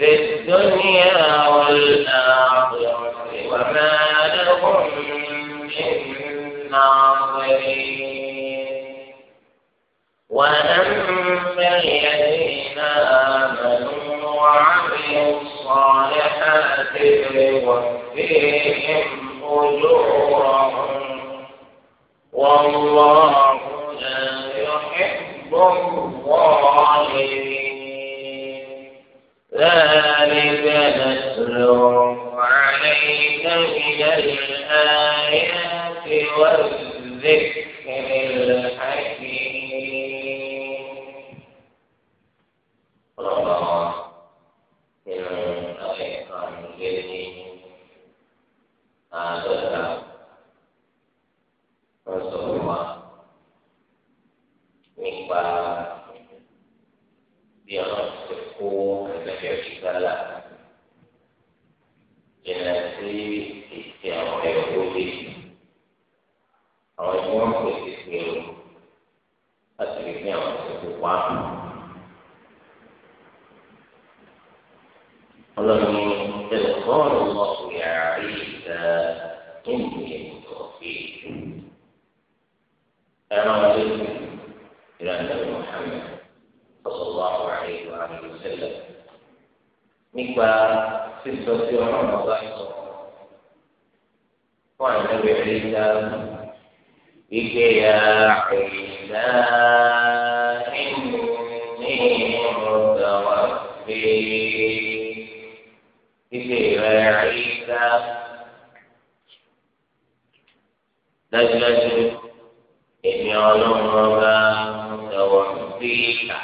في الدنيا والآخرة وما لهم من ناظرين وأما الذين آمنوا وعملوا الصالحات فيوفيهم أجورهم والله لا يحب الظالمين ذلك نتلو عليك من الآيات والذكر nípa sísọ sí ọlọ́run ọba sọ fún àyẹ̀wò ẹ̀ríta wípé ya ẹ̀ríta ní ọ̀dà wà pé wípé ẹ̀ríta dájúdájú èmi ọlọ́run ọba sọ̀rọ̀ sí ìkà.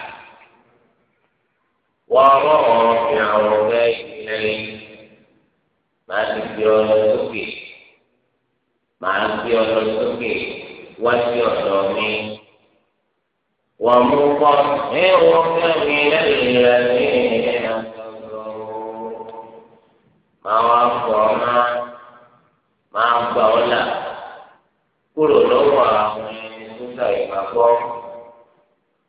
ورافع رجليه ما تبيون سكي ما تبيون سكي وسيحرمي ومطهرك من الذين كفروا ما وفرنا ما قولا كل لغة من سكي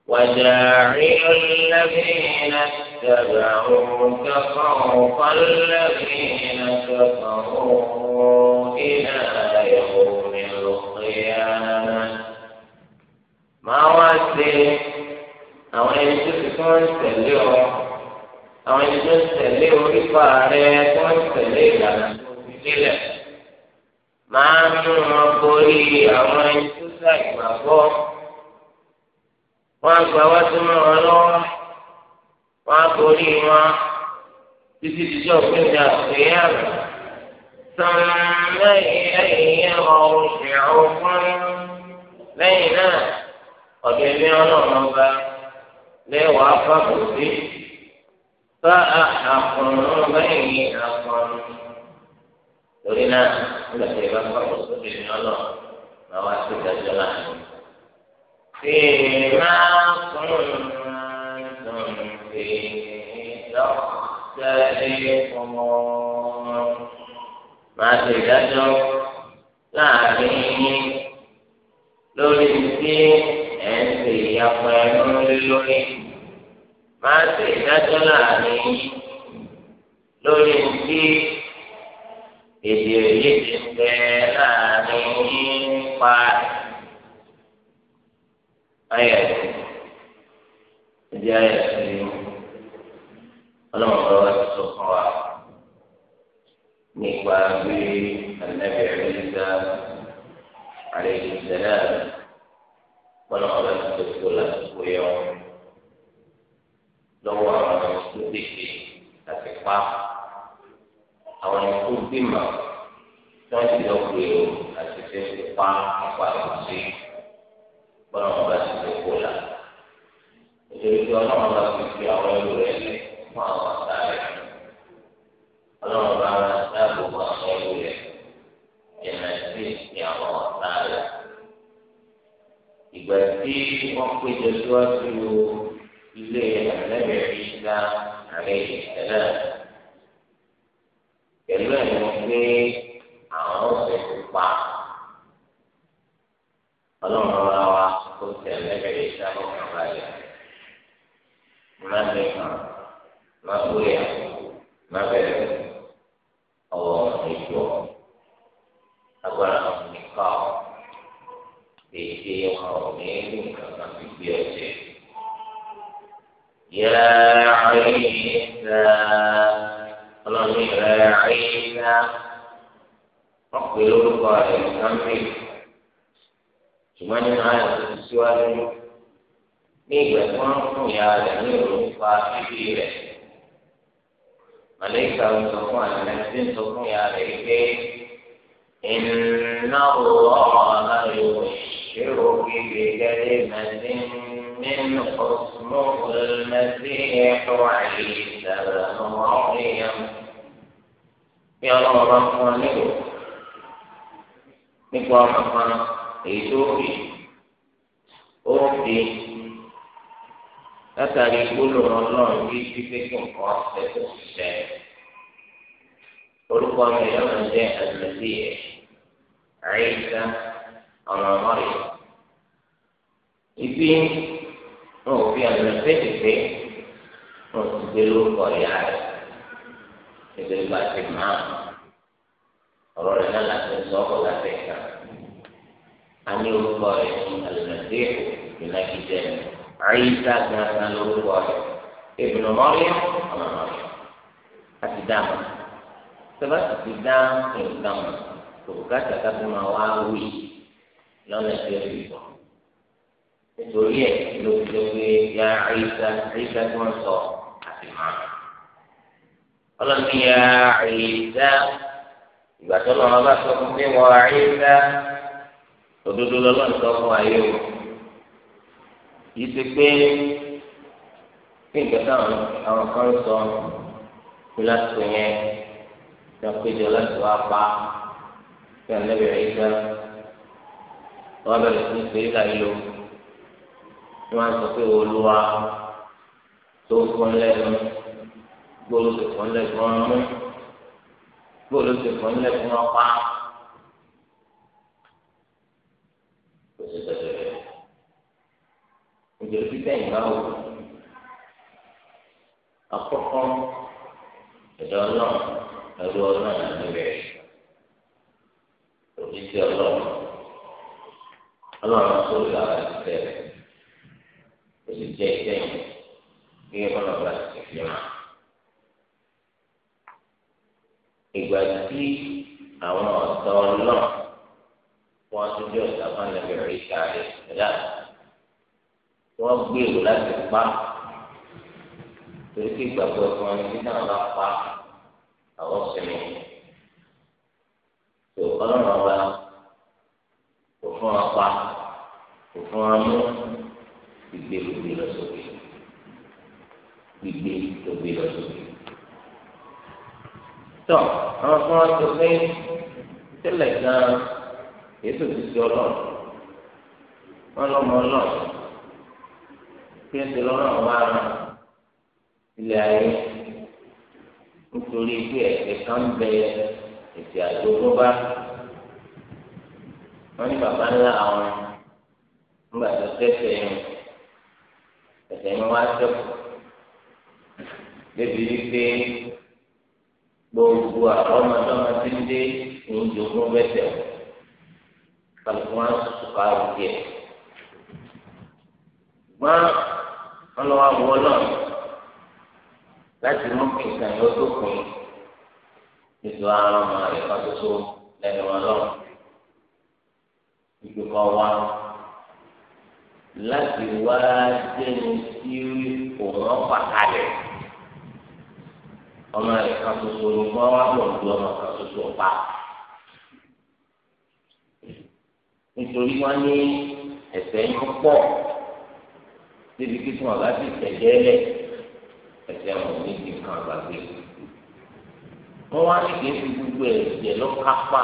وجاعل الذين اتبعوك فوق الذين كفروا إلى يوم القيامة ما واسي àwọn ẹni tó ti fún ń tẹ̀lé ọ àwọn ẹni tó ń tẹ̀lé orípa rẹ tó ń tẹ̀lé ìlànà tó fi lélẹ̀ máa ń mú wọn borí àwọn ẹni tó ṣàìgbàgbọ́ wọn àgbà wá sí mọ́ wọn lọ́wọ́ wọn á borí wọn títí títí òfin ní àfihàn sọmọ ẹyẹ ọrùn ṣẹ̀hún fún lẹ́yìn náà ọ̀dọ̀ ẹ̀mí ọlọ́run ọba lẹ́wàá fàbùsí fa àkùnrin lẹ́yìn àkùnrin lórí náà nígbà tí ìbá fàbùsí ẹ̀mí ọlọ́run máa wá sí ìdájọ́ láàrin. Fèèrè máa ń sọ̀rọ̀ máa ṣe ìdájọ́ láàrin yín lórí tí ẹ̀ ń ṣe ìyàpọ̀ ẹ̀rọ lórí máa ṣe ìdájọ́ láàrin yín lórí tí èdè òye ti ń láàrin yín pa ayẹyẹ ìdí ayẹyẹ ọlọ́run bá wá sọ fún wa nípa bí anabi ẹ̀rẹ́dá àlejò sẹ́nà ọlọ́run bá ti tó lásìkò yẹ wọn lọ́wọ́ àwọn ọmọ tó dèké àti pa àwọn ọmọ tó bímọ tí wọ́n ti lọ pé o àti fẹ́ ti pa nípa ìwọ̀nsí ọlọ́run bá ti tó kó la nítorí pé ọlọ́run bá ti fi àwọn ẹlò rẹ̀ lé fún àwọn àtàlẹ ọlọ́run bá wọn dáàbò bò àwọn ẹrú rẹ ìrìnà sí ní àwọn àtàlẹ ìgbà tí wọn péjọ síwájú ilé àlẹbẹrẹ ìgbà àrẹ ìṣẹ̀lẹ̀ pẹ̀lú ẹ ní pé àwọn ọ̀sẹ̀ pupa ọlọ́run bá wa ó tẹ àlẹbẹrẹ ìṣẹ̀lẹ̀ ọkàn balẹ̀ máa wúlò yà máa bẹ̀rẹ̀ ọwọ́ ìjọ agbára nìka ọ dèjé wọn ò ní ìlú kankan fi gbé ọjẹ. يا عيسى اللهم يا عيسى ọ̀pẹ̀lú orúkọ rẹ̀ mohammed ṣùgbọ́n nínú ayọ̀ tó ti síwájú ní ìgbà fún ìyá rẹ̀ ní ìròyìn pa bíbí rẹ̀ màlẹ́kà ń sọ fún àná tí ń sọ fún ya rẹ̀ pé iná ọ̀rọ̀ ayò ìṣirò kébé gẹ́gẹ́ mẹ́tí nínú ọ̀sùnmọ́ ọ̀lẹ́mẹ́tí ẹ̀kọ́ àyè ìdàgbà ọ̀rọ̀ ìyẹn. bí ọlọ́run bá fún ọ nílò nípa ọmọ kan èyí tó fi ó fi látàrí gbólóhùn ọlọ́run bí pípé kí nǹkan ọ̀sẹ̀ tó ti sẹ́ orúkọ ọmọ ìyá náà jẹ́ àdìmẹ́sí ẹ̀ àyíká ọ̀nà ọ̀rẹ́ ibi wọn ò fi àdìmẹ́sí pípé wọn ti gbé lórúkọ ìyá rẹ̀ nítorí bá ti máa ọ̀rọ̀ rẹ̀ náà láti sọ ọ́ láti ẹ̀ka a ní orúkọ rẹ̀ ní àdìmẹ́sí ìnáyí ẹ̀ àyíṣà gangan lórúkọ rẹ̀ ìbùnú mọ́rí ọmọ mọ́rí àti dáàmú sọba sì ti dá nǹkan mọ̀ tòbùkátà káfí máa wá wí lọ́nà tí ó fi bọ̀ nítorí ẹ̀ ló fi lè pé ya àyíṣà àyíṣà tí wọ́n sọ àti máa ọlọ́ni àyíṣà ìgbà tó lọ́wọ́ bá sọ fún mi wọ àyíṣà òdodo lọ́lọ́ni sọ fún ayé o kì í ṣe pé kí nǹkan táwọn àwọn kan sọ kí lásìkò yẹn lọ péjọ láti wá pa kí ànábìrì yìí dá wọn bẹ̀rẹ̀ sí ṣe é láyé lò wọn sọ pé olúwa tó fún lẹ́nu gbọ́dọ̀ tó fún lẹ́nu ọmú gbọ́dọ̀ tó fún lẹ́nu ọpá nítorí pípẹ́ ìmáwò àkọ́kọ́ ẹ̀dọ́ náà ẹ̀dọ́ náà níbẹ̀ òbí sí ọlọ́run ọlọ́run tó là á ti tẹ̀lé kò sì jẹ́ ìkẹyìn gẹ́gẹ́ bọ́lá bá ti fi hàn. ìgbà tí àwọn ọ̀tọ̀ náà wọ́n tún bí ọ̀tá bá lẹ́gbẹ̀rẹ́ ìta rẹ̀ dáadáa tí wọ́n gbèrò láti pa torí kí ìgbàgbọ́ ẹ̀fọn ẹni tí náà bá pa àwọn sinmi tó ọlọ́run ọba kò fún wọn pa kò fún wọn mú ìgbèrò gbé lọ sókè gbígbé tó lọ sókè. tó àwọn fún wọn tó pé tẹ́lẹ̀ gan èso ti di ọlọ́run wọn lọ́mọ ọlọ́run kí ẹsẹ̀ lọ́nà máa ràn ilé ayé nítorí pé ẹ̀ṣẹ̀ kan bẹ ẹ̀ṣẹ̀ àjogúnbá wọ́n ní bàbá ńlá àwọn nígbà tó tẹ̀sẹ̀ yẹn ẹ̀ṣẹ̀ yẹn wá sẹ́kù débi wípé gbogbo àwọn ọmọdé ọmọdé ń dé ní ìjogún bẹ́sẹ̀ o kálukú wọn sọ̀rọ̀ àrùn díẹ̀ gbọ́n wọn lọ wá wọ náà láti mú kí nǹkan yóò tó pin ètò ara ọmọ rẹ kan ṣoṣo lẹ́nu Ọlọ́run ìgbìmọ̀ wa láti wá jẹni tí òun ọ̀pá kalẹ̀ ọmọ rẹ kan ṣoṣo ni wọn wá bọ̀ ju ọmọ kan ṣoṣo pa nítorí wọn ní ẹsẹ̀ ń pọ̀ débi kí wọn bá ti tẹ̀jẹ́ lẹ̀ ẹ̀sẹ̀ wọn ò ní ti kàn àgbàgbé. wọ́n wá ní kí n fi gbogbo ẹ̀jẹ̀ lọ kápá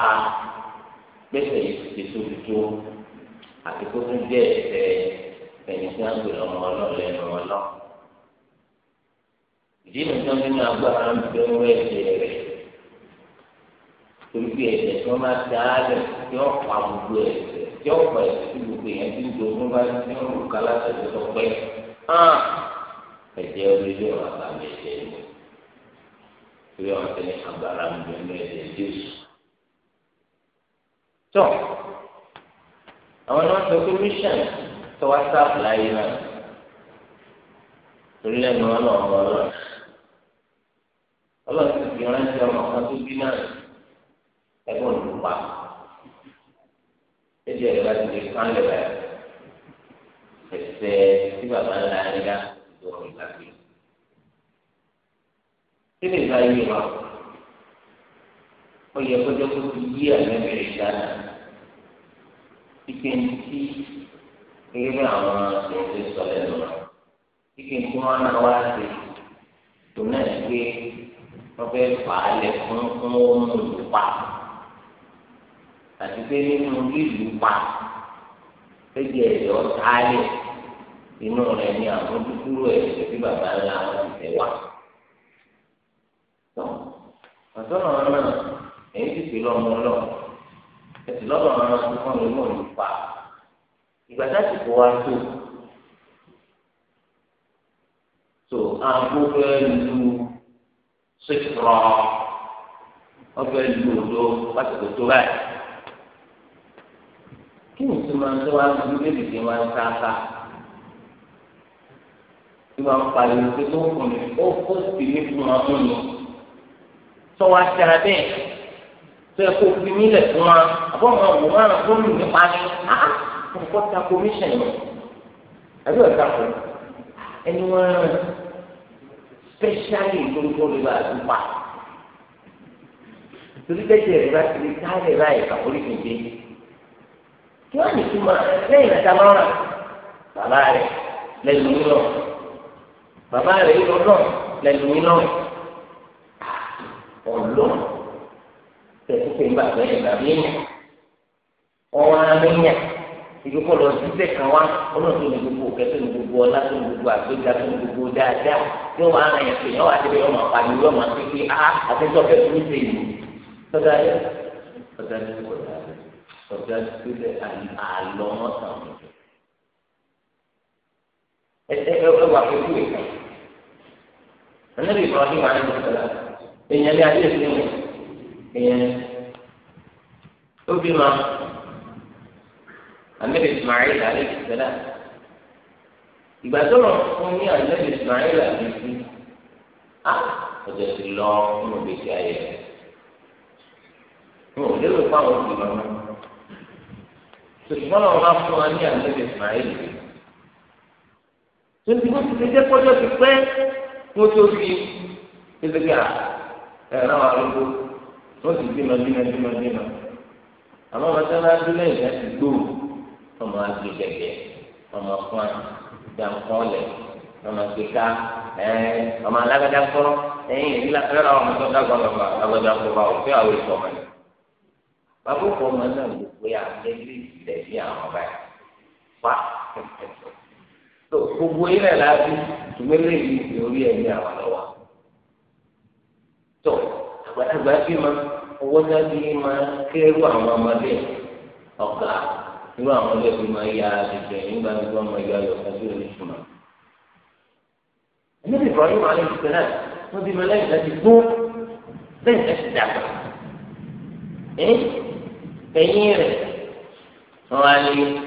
gbẹ́sẹ̀ yìí ti tóbi tó àti kó tún jẹ́ ẹ̀sẹ̀ ẹ̀yìn tí wọ́n ń gbèrò ọmọ ọlọ́ọ̀lẹ́ ẹ̀rọ ọlọ́. ìdí mi tán nínú agbára ń bẹ wọ ẹ̀jẹ̀ rẹ̀ torí pé ẹ̀jẹ̀ tí wọ́n máa dá lẹ̀ tí wọ́n pa ẹ̀jẹ̀ tí ó pẹ̀ sí gbogbo yẹn tí ń do tó bá ní ọ̀rùn kálá tẹ̀lé tó pẹ́ hàn ah. ẹ̀jẹ̀ orílẹ̀ ọ̀rọ̀ àtàlẹ̀ ẹ̀jẹ̀ ni torí àwọn tẹ̀ ní agbára mi lẹ́nu ẹ̀jẹ̀ jésù. tó àwọn náà sọ pé mission tó wá sáàpù láyé náà torí lẹ́nu ọlọ́run ọlọ́run ọlọ́run ti fi ọmọ kan tó bí náà ẹgbẹ́ òdùpá ẹdí ẹ̀rọ bá ti di kánlẹ̀ báyìí ẹsẹ̀ tí bàbá ńlá yẹn yá ló ń gbà pé kí lè bá yé wa ó yẹ kọjá kó ti yí àmẹ́bẹ̀rẹ̀ dáná kíkẹ́ ní tí bí àwọn ẹ̀ṣẹ̀ sọ lẹ́nu rẹ̀ kíkẹ́ tí náà wá sí tòun náà ti gbé wọ́n fẹ́ fà á lẹ̀ fún fún òun lùpàá àti pé nínú lílù pa péjì ẹ̀yọ́ táyẹ̀ inú rẹ̀ ni àwọn dúdúró ẹ̀jẹ̀ tí bàbá ńlá wọn ti tẹ̀ wá. àtọ́nà náà èyí ti fi lọ́mọ lọ ẹ̀sìn lọ́dọ̀ àwọn ọmọ tó kàn lónìí òní pa ìgbà láti kó wa tó tó àgbo fẹ́ lu sèkúrọ̀ ọ̀fẹ́ lu òdo pàtàkì tó báyìí kí ni tí máa ń tẹ́wá ní ibi bébì tí máa ń ká ká tí máa ń pariwo pé tó kùn ní ó ó sì ní fún wọn mú ni tó wá dára bẹ́ẹ̀ tó yẹ kó fi mí lẹ̀ fún wa àbọ̀ wọn wò wọn rà fún mi nípa ni á kò ta commission yẹn àbí ọ̀tá kò ẹni wọn rà specially lórúkọ lórí àdúgbà torí bẹ́ẹ̀ tẹ̀ ẹ̀rọ bá ti rí káàlẹ̀ ráì kàwé orí kìí dé kí wọ́n lè túmọ̀ lẹ́yìn ìdámọ́ràn bàbá rẹ̀ lẹ́nu mi lọ bàbá rẹ̀ yìí lọ́dọ̀ lẹ́nu mi lọ ọ̀lọ́ tẹ̀sí pé ń bàbá yẹn bàbá yẹn ọwọ́ amẹ́yẹ ìdókòó lọ síbẹ̀ kan wá olóòtú ní gbogbo kẹtọ́ ní gbogbo ọlá tó ní gbogbo àgbéga tó ní gbogbo dáadáa yóò wá ara yẹn pé yọ wá síbẹ̀ yọ máa pa ni pé pé a ah, àtẹ́jọ́ kẹtọ́ ní sèyí tọ́jà yẹ tọ́jà ní gbogbo dáadáa kọjá sílẹ̀ àlọ́ mọ́tàn mi. ẹ ẹ ẹ wà pẹ̀lú ìka ànábì kan ní wàá nínú ìṣẹ̀lẹ̀ èèyàn ní adé ìṣẹ̀lẹ̀ mi èèyàn ní. ó bí ma ànábì Ismail alẹ́ ìṣẹ̀lẹ̀ ìgbà tó lọ fún ní ànábì Ismail alẹ́ ìṣẹ̀lẹ̀ á ọjọ́ ti lọ fún òbí ti ayẹyẹ. mo lérò fáwọn òbí mọ́mọ́ ṣùgbọ́n lọ́wọ́ bá fún wa ní àlejò Ismail tó ti kó ti jẹ́ kọ́jọ́ ti pẹ́ kó tó fi ẹ̀ẹ́dẹ́gbà ẹ̀rọ àrùkù wọ́n ti bímọ bímọ bímọ bímọ àmọ́ wọn tẹ́lá dúlé ìgbà ti gbó ọmọ àgbè gẹ̀gẹ̀ ọmọ fún jàǹkọ́lẹ̀ ọmọ kíkà ọmọ alágbádá kọ́ ẹ̀yìn ìlà ẹ̀rọ àwọn ọmọ tó dàgbà lọ́wọ́ alágbádá kọ́ bá òfin àwọn ìfọ̀mọ́ni bàbá òkú ọmọ náà wò pé àwọn ilé bí àwọn báyìí pa tó gbogbo ilẹ̀ láti tùmí léyìí ti orí ẹ̀mí àwọn lọ́wọ́ tó àgbàlagbà bí ma owó dábí máa kérú àwọn ọmọdé ọ̀gá irú àwọn ọmọdé bí máa ya àdìgbẹ̀ nígbà tí wọ́n máa ya ayọ̀ kájú lórí ìtumọ̀. ẹni bí Ibrahim alẹ́ ti tẹ̀lé wọ́n bí mẹ́lẹ́yìn láti gbó lẹ́yìn láti dàgbà. lẹ́yìn rẹ̀ wọ́n á lé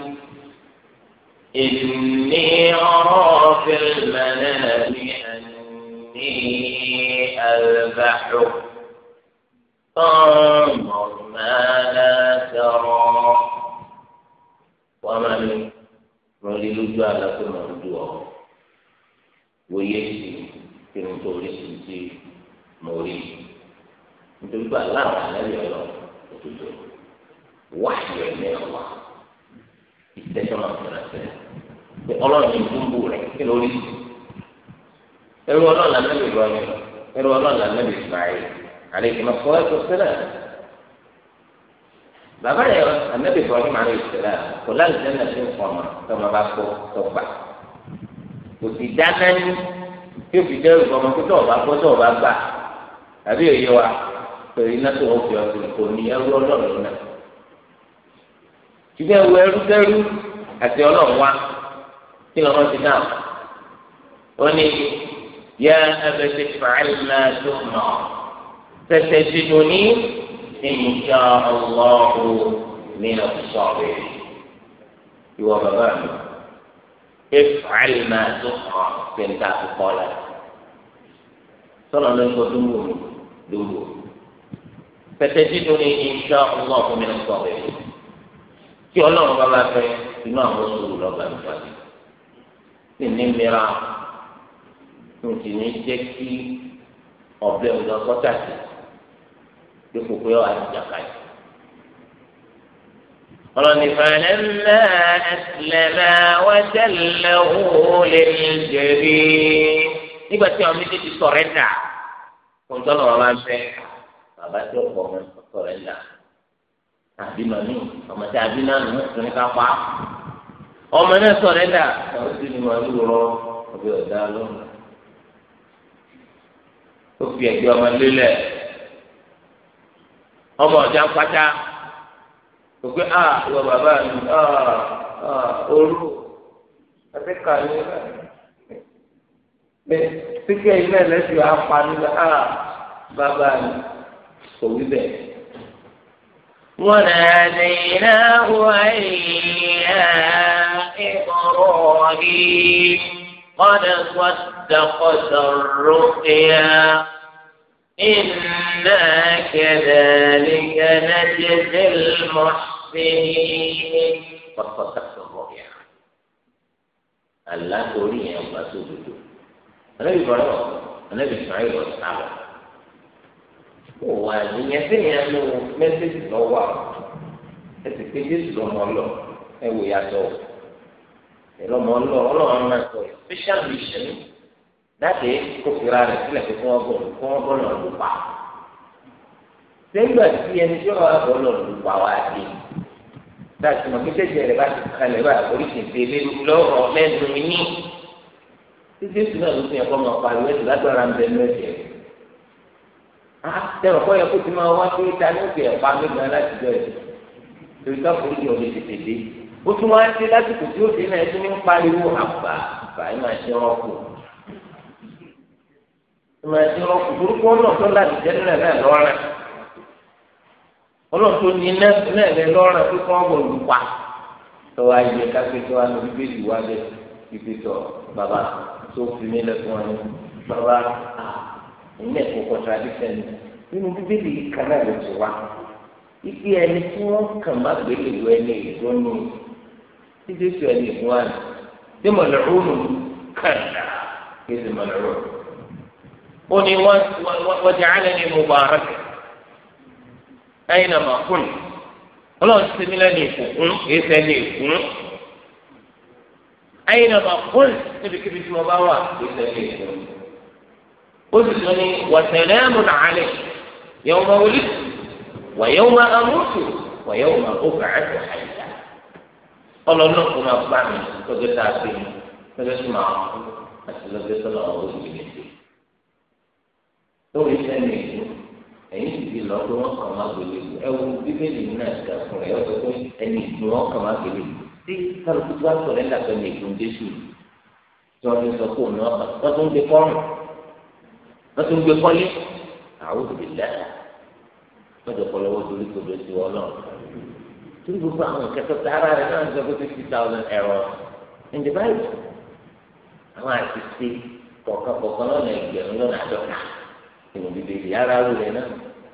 إني أرى في المنام أني أذبحك فانظر ما لا ترى ومن lórí lójú àlá pé màá du ọ wòye sí kí n tó rí sí sí mo rí nítorí pé aláwọ̀ àlẹ́ yọ̀ lọ òtútù. wáyé mẹ́wàá ìtẹ́sọ́nà fúnrasẹ́ pé ọlọ́run ní túbú rẹ̀ kí ló rí ẹrú ọlọ́run là nẹ́bí Ibrahim ẹrú ọlọ́run là nẹ́bí Ismail àlejò máa fọwọ́ ẹ̀kọ́ sílẹ̀ bàbá yẹn ànẹ́bí Ibrahim máa ń rí sílẹ̀ kò láti dẹ́nà sí nǹkan tó máa bá kó tó gbà kò sì dáná ní tí òbí dẹ́rù ọmọ pé tó ọba kó tó ọba gbà tàbí òye wa pé iná tó ń fi ọ̀sìn kò ní ẹrú ọlọ́run náà ṣùgbọ́n ẹwù ẹrúkẹrú àti ọlọ́run wa kí lọ́mọ ti náà ó ní yá abẹ́tẹ̀ fàálà tó nà tẹ̀tẹ̀ dìdùn ní ìmùjà ọlọ́run ní ọ̀sọ̀rẹ́ ìwọ bàbá mi ìfàálà tó nà tẹ̀ntà kọ́kọ́ la sọlọ ló ń kọ́ tó ń wò mí lóru tẹ̀tẹ̀ dìdùn ní ìmùjà ọlọ́run ní ọ̀sọ̀rẹ́ kí ọlọ́run bá bá fẹ́ inú àwọn sùúrù lọ́ba nípàdé sì ní mìíràn tó ti ní jẹ́ kí ọ̀bẹ ọ̀dọ́ sọ́tà sí dípò pé ọ̀ àjàkadì. قال فلما أسلما وتله للجبين nígbà tí àwọn méjèèjì sọ̀rẹ́ńdà kò ń tọ́lọ̀ wọn máa ń fẹ́ bàbá tí ó pọ̀ mọ́ sọ̀rẹ́ńdà àbí màmí ọmọ tí àbí náà nù tó ní ká pa ọmọ náà sọ̀rọ̀ ẹ̀dá àwọn tí ni màmí rọ ọbẹ̀ ọ̀dá lọ́nà ó fi ẹ̀gbẹ́ ọmọ lélẹ̀ ọmọ ọ̀dá pátá kò pé a ìwọ bàbá mi a ah, a ah, orú àti kàní bẹ́ẹ̀ síkẹ́ ilé ẹ̀lẹ́sìn apá nílẹ̀ a ah, bàbá mi kò wí bẹ́ẹ̀. وناديناه أن يا إبراهيم قد صدقت الرقيا إنا كذلك نجزي المحسنين قد صدقت الرقيا ألا تريد أن تصدقوا النبي إبراهيم النبي إسماعيل والصحابة wà níyẹn sẹ́yìn ẹnu mẹ́sẹ̀sì lọ́wọ́ àwọn ẹsẹ̀ pé jésù lọ́mọ lọ ẹ wò yàtọ̀ ẹlọ́mọ lọ ọlọ́run máa sọ special mission láti kó fira rẹ̀ sílẹ̀ pé fún ọgbọ̀n fún ọgbọ̀n náà ló pa sẹ́gbà tí ẹni tí ọ̀rọ̀ àbọ̀ lọ ló pa wá dé láti mọ̀ pé jẹjẹrẹ bá ti kalẹ̀ bá oríṣi ìdílé lọ́rọ̀ lẹ́nu ní títí èsì náà ló fi ẹ̀kọ́ máa pariwo ẹ̀sì lágbára ń bẹ ní ẹ̀jẹ̀ Ah, tẹ̀rọ kọ́ yẹ kó ti máa wá pé ta ní òkè ẹ̀pá mẹ́gbẹ́ aláṣìjọ ẹ̀ torí ká forí di ọ̀lẹ́ tètè dé ó tún wá dé lásìkò tí ó dé náà ẹtún ní ń pariwo àgbà àgbà ẹ̀ máa ṣe rọ́pò ẹ̀ máa ṣe rọ́pò torúkọ náà tó láti jẹ́ nílẹ̀ náà lọ́rẹ̀ ọlọ́run tó ní iná náà lẹ lọ́rẹ̀ pé kí wọ́n bọ̀ tó wá yẹ káfí tó wá ní bíbélì wá ilé ẹ̀kọ́ contradiction ni nínú bíbélì kan náà ló ti wá ibi ẹni tí wọ́n kàn má gbé ìlú ẹni ìgbó ní títí tí ẹni ìgbó wà ní tí mọ̀lẹ́rùn kàdà kí ni mọ̀lẹ́rùn ó ní wọ́n ti hàn ní mubarak ẹ̀yin náà máa kún ọlọ́run ti mi lẹ́nu ìkùnkùn kìí sẹ́ni ìkùn ẹ̀yin náà máa kún níbi kíbi tí mo bá wà kìí sẹ́ni ìkùn ó sì tún ní wàtẹ̀lẹ́mù nàálẹ̀ yẹ̀wò máa wọlé wàyẹ̀wò máa amútù wàyẹ̀wò máa ó bàá tó àyíká ọlọ́nà kò máa bá mi lọ́jọ́ tá a fi mi lọ́jọ́ tó máa kú àti lọ́jọ́ tó máa wọ́n mi lè dé lórí sẹ́ni ìlú ẹ̀yìn sì fi lọ́ọ́ kàn máa gbélé ìlú ẹ̀wù bíbélì náà ti àfún rẹ̀ ọ̀sẹ̀ pé ẹni ìlú wọn kàn máa gbélé ìlú tí kálukú tó wọ́n tún gbé kọ́lé àwọn òbí lẹ́yìn wọ́n jọ pọlọwọ́ torí kò dé sí wọn náà torí gbogbo àwọn kẹtọ́ tààrà rẹ̀ náà ń sọ pé fifty thousand ẹ̀rọ in the bible àwọn àtìsí kọ̀ọ̀kan-kọ̀ọ̀kan lọ́nà ẹgbẹ̀rún lọ́nà àdọ́ta ìwọ̀n bíbélì ara rú rẹ̀ náà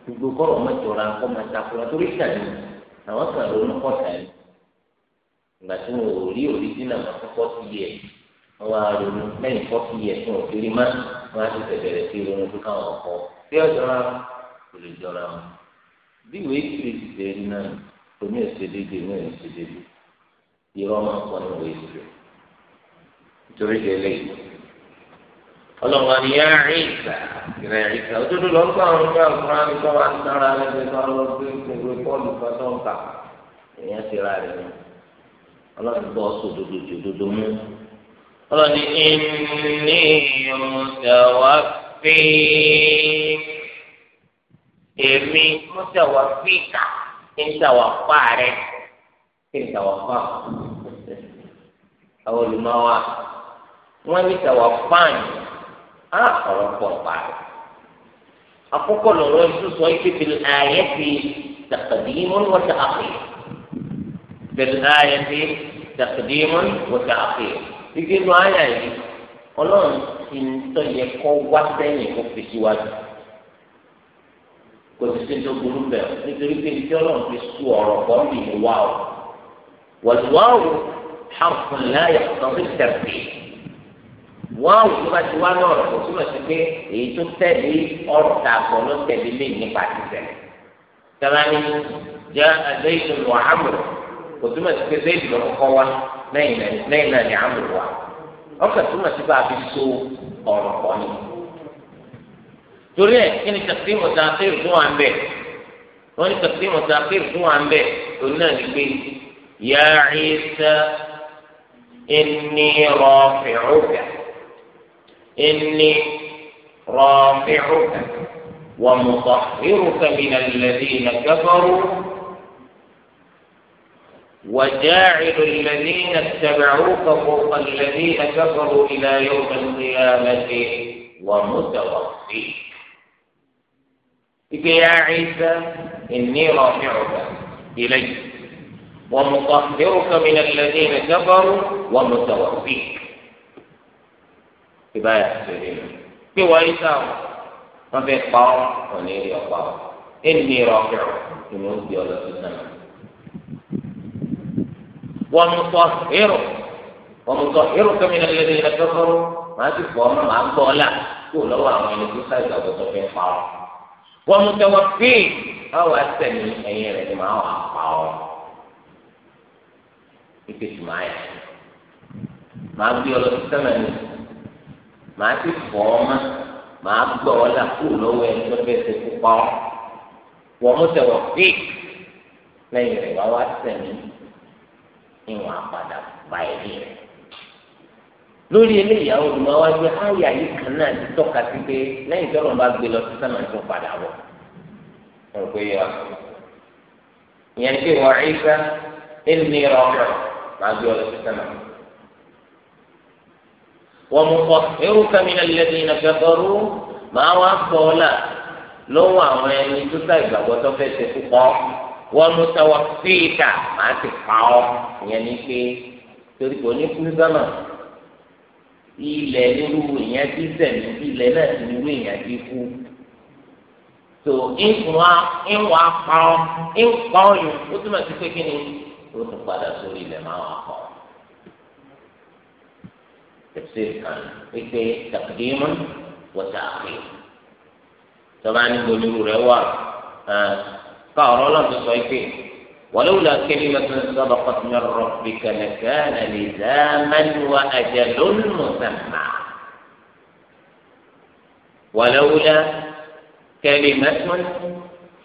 gbogbo kọ́rọ̀ mẹ́jọra kọ́ máa takura torí ìtàní àwọn kan ló ń kọ́ tàní wọn á ti tẹ̀bẹ̀rẹ̀ sí irun fún káwọn ọkọ tí ọjọ́ ra kò lè jọra wọn bí ìwé ìtúrò ti tẹ̀ ẹ́ náà omi ẹ̀sẹ̀ déédéé omi ẹ̀sẹ̀ déédéé irọ́ máa ń pọ̀ ní ìwé ìtúrò nítorí délé ọlọ́wọ́n ni yá ìgbà ìrẹ̀ ìgbà òdodo lọ gbọ́ àwọn ọmọ ọ̀gbọ́n àti tó wà sára lẹ́sẹ̀ tó lọ sí ìpínlẹ̀ pọ́ọ̀lù pátá ọ̀gá èèyàn ti ra rẹ̀ ọlọ́run bọ́ sódodo jòdodo mú ọlọ́ni ẹni mùsàwáfì èmi mùsàwáfì kà ìsàwáfà rẹ ìsàwáfà àwọn olùmọ̀wá wọ́n ní ìsàwáfà yìí á ọ̀rọ̀ pọ̀ parí àkọ́kọ́ lọ́rọ̀ ìtúsọ ìpèpèlè ààyè ti tàkàdìmọ́ wọ́tà àpè pèlè ààyè ti tàkàdìmọ́ wọ́tà àpè igi nu àyà yìí ọlọ́run ti ń tọ́ yẹ kọ́ wá sẹ́yìn kó fi síwájú kò sì sí tó burú bẹ̀ ọ́ nítorí pé ibi tí ọlọ́run fi sú ọ̀rọ̀ kọ́ ń bì ní wá o wàlúwàwù hàfùn láyà tọ́sí tẹ̀sí wáwù tó bá ti wá náà rẹ̀ kò túmọ̀ sí pé èyí tó tẹ̀lé ọ̀rọ̀ dàgbọ̀ ló tẹ̀lé lé nípa ti tẹ̀lé tẹ̀lé ni jẹ́ àdéhùn wàhámù kò túmọ̀ sí pé zayd lọ kọ́kọ́ wá lẹ́yìn náà ní amúr wá ọkàn túmọ̀ sí pé a fi so ọ̀rọ̀ pọ̀ ni. torí ẹ̀ kí ni tẹ̀sí mọ̀tà akéèrè fún wa ń bẹ̀ wọ́n ní tẹ̀sí mọ̀tà akéèrè fún wa ń bẹ̀ òun náà ní pé yā Īsā innī rāfi'uka innī rāfi'uka wa mutahhiruka mina alladhīna kafarū. وجاعل الذين اتبعوك فوق الذين كفروا إلى يوم القيامة ومتوفيك يا عيسى إني رافعك إلي ومطهرك من الذين كفروا ومتوفيك كباية سليم في وعيسى ما في قار ونيري إني رافعك إني أودي الله ومطهره ومطهرك من الذين كفروا ما تفهم ما أقول قول الله أن يكون وتوفي قاو ومتوفي أو أستني أن يرد معه قاو يكتب معي ما أقول له استمعني ما تفهم màá gbọ́ ọ la kú lọ́wọ́ ẹni tó fẹ́ ṣe púpọ̀ wọ́n mú tẹ̀wọ̀ fíìk lẹ́yìn rẹ̀ wá wá sẹ̀mí kí wọn àpàdà bá ẹbí rẹ lórí eléyàwó olùmọwájú àyà yìí kan náà ti tọ́ka sí pé lẹ́yìn tọrọ bá gbé lọ sí sánà tó padà wọ wọn pé yọ ìyẹn pé wọn rí sá nínú ní ọkọ máa gbé ọ sí sánà wọn mú kọ irú kàmínà lẹbi ìnàfẹkọrú máa wá sọ ọ là lọ́wọ́ àwọn ẹni tó sá ìgbàgbọ́ tó fẹsẹ̀ púpọ̀ wọn mú sáwọ fíìkà máa ti pa ọ ìyẹn ní pé torí kò ní kú sánà ilẹ̀ nílùú ìyẹn ti sẹ̀mí ilẹ̀ náà ti nílùú ìyẹn ti kú tó ìwà ìwà pa ọ ìpa ọyùn ó túmọ̀ sí pé kí ni ó tún padà sórí ilẹ̀ máa wà pọ̀ tẹ̀sí kan wípé tàkìdìmù wọ́tà àkè tọ́ba ní gbólóhùn rẹ̀ wà. Ah, فأرى الله تصيفين ولولا كلمة سبقت من ربك لكان لزاما وأجل مسمى ولولا كلمة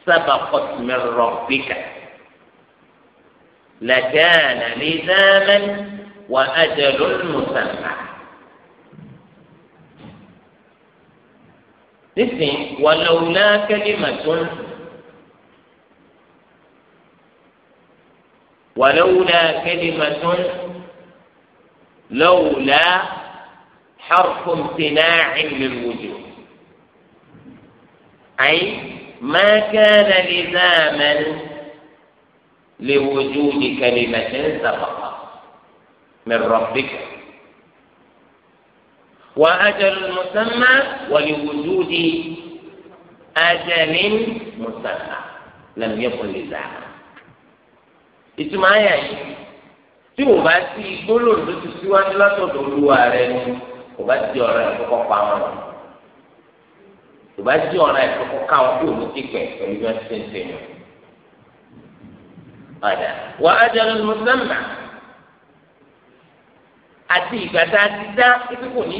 سبقت من ربك لكان لزاما وأجل مسمى nísìnyí ولولا كلمة ولولا كلمة لولا حرف امتناع للوجود أي ما كان لزاما لوجود كلمة سبقة من ربك وأجل مسمى ولوجود أجل مسمى لم يكن لزاما ìtumọ̀ ayà yìí tí o bá sí gbólóhùn tó ti síwájú látọ̀dọ̀ olúwa rẹ ni o bá di ọ̀rọ̀ ẹ̀ kọ́kọ́ pa wọn o bá di ọ̀rọ̀ ẹ̀ kọ́kọ́ ká wọn kí o ní kíkẹ́ pẹ̀lú bí wọ́n ti ń ṣe yàn. ọ̀dà wà á jẹ́ lọ́nà mọ́sánmà àti ìgbà tá a ti dá ibi kò ní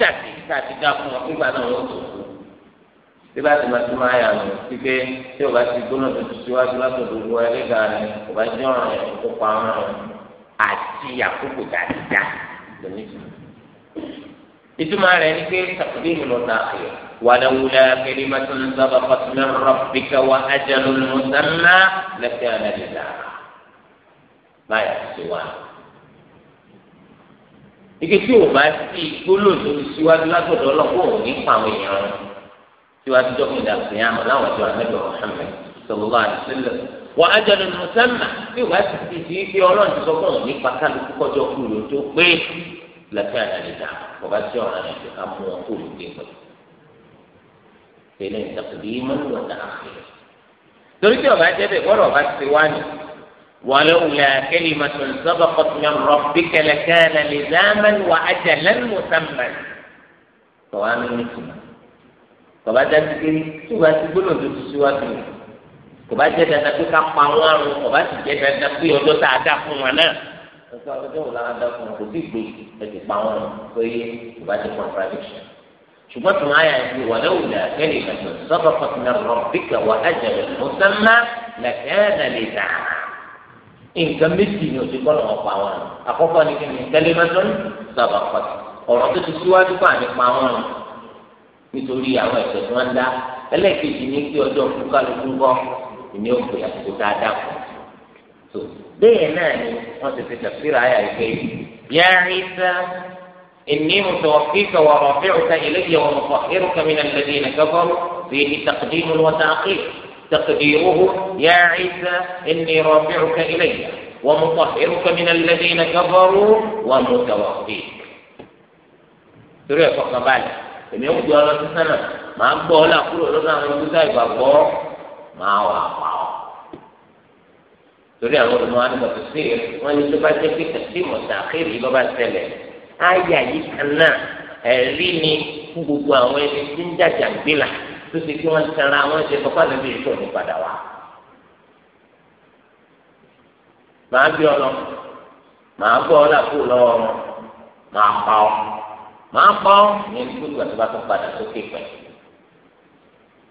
tàbí tá a ti dá fún wọn nígbà náà wọ́n tí bá ti máa tún máa yà mí wípé tí o bá ti gbóná tó ti síwájú látò gbogbo ẹlẹ́gà rẹ o bá jẹ́ ọ̀ràn ẹ̀ kó pa ọ̀ràn ẹ̀ àti àkókò dáadáa lónìí tù. ìtumọ̀ rẹ̀ ni pé sàkúndé mi lọ náà kìlọ̀ wàlẹ́wùlẹ́ kẹ́lí máa tún sábà fásitì rọ̀ bí káwa ẹ̀jẹ̀ ló ló sánmà lẹ́kẹ́ ẹ̀rẹ́dẹ̀dà báyà ti wà. ike o bá ti gbóná tó ti síwájú látò tiwa ti dɔkun da kiyama láwọn ìjọ anabi muhammed sallallahu alaihi wasallam wa ajalun musamma bí wàá ti fi fi fi ọlọ́run ti sọ fún òun nípa kálukú kọjọ kú ló tó pé lẹ́tọ́ àdàlẹ́dà bàbá tí ọ̀ràn rẹ̀ ti ká mú wọn kó ló dé pẹ̀lú. tẹ̀lé ìtàkùdí mọ́nú wọn dáa fẹ́. torí tí ọba jẹ́bẹ̀ bọ́dọ̀ ọba ti wá ní. ولولا كلمة سبقت من ربك لكان لزاما وأجلا مسمى. فوانا نسمع bàbá dájú pé tí o bá ti gbólóhùn tó ti síwájú kò bá jẹ́ dandan pé ká pa wọn àrùn kò bá sì jẹ́ dandan pé ọjọ́ tá a dá fún wọn náà ọjọ́ ọjọ́ wo la dá fún wọn kò sí gbé ẹ ti pa wọn pé kò bá ti contradiction ṣùgbọ́n tó máa yà ní wàlẹ́ òwúlẹ̀ àgbẹ̀lẹ̀ ìgbàgbọ́ sọ́kọ̀ fọ́tìmẹ̀ rọ̀bìkà wà ájẹ̀lẹ̀ mùsànmá lẹ́kẹ́ẹ̀dà lè dà. nǹkan méjì ni òsì kọ́nà ọ̀pá wọn àkọ́kọ́ ni kí ni kẹlẹ́mẹ́tọ́n sábà pàtó ọ̀rọ̀ tó ti síwájú pa nípa wọn nítorí àwọn ẹ̀ṣẹ̀ tí wọ́n ń dá ẹlẹ́ẹ̀kejì kí ọjọ́ fúkálukú òkè àsìkò tá a dá kù. tó bẹ́ẹ̀ náà ni wọ́n ti fi tafsira àyà ìgbẹ́ yá Ìsá inni mutawaffika wa rafi'uka ilayya wa mutahhiruka min alladhina kafaru fihi taqdimun wa ta'khir تقديره يا عيسى إني رافعك إلي ومطهرك من الذين كفروا ومتوفيك. ترى فقط بالك èmi ń gbé ọ lọ sí sánà màá gbọ́ ọ là kúrò lọ́dọ̀ àwọn olùdá ìgbàgbọ́ màá wà pa ọ. torí àwọn olùmọ̀ àdìgbò tó sí wọn ní tó bá jẹ́ pé tẹ̀sí mọ̀tà kéèrè yìí lọ́ba ṣẹlẹ̀ áyà yìí kan náà ẹ̀rí ni fún gbogbo àwọn ẹni tí ń jàjà gbé là tó ṣe kí wọ́n tẹ̀ra àwọn ẹ̀ṣẹ̀ bọ́pá lóbi ètò òní padà wá. màá bí ọ lọ màá gbọ́ ọ là kúrò lọ́wọ́ wọn màá pa ọ máa kọ́ ní ẹni gbogbo àti bá tó padà sókè pẹ̀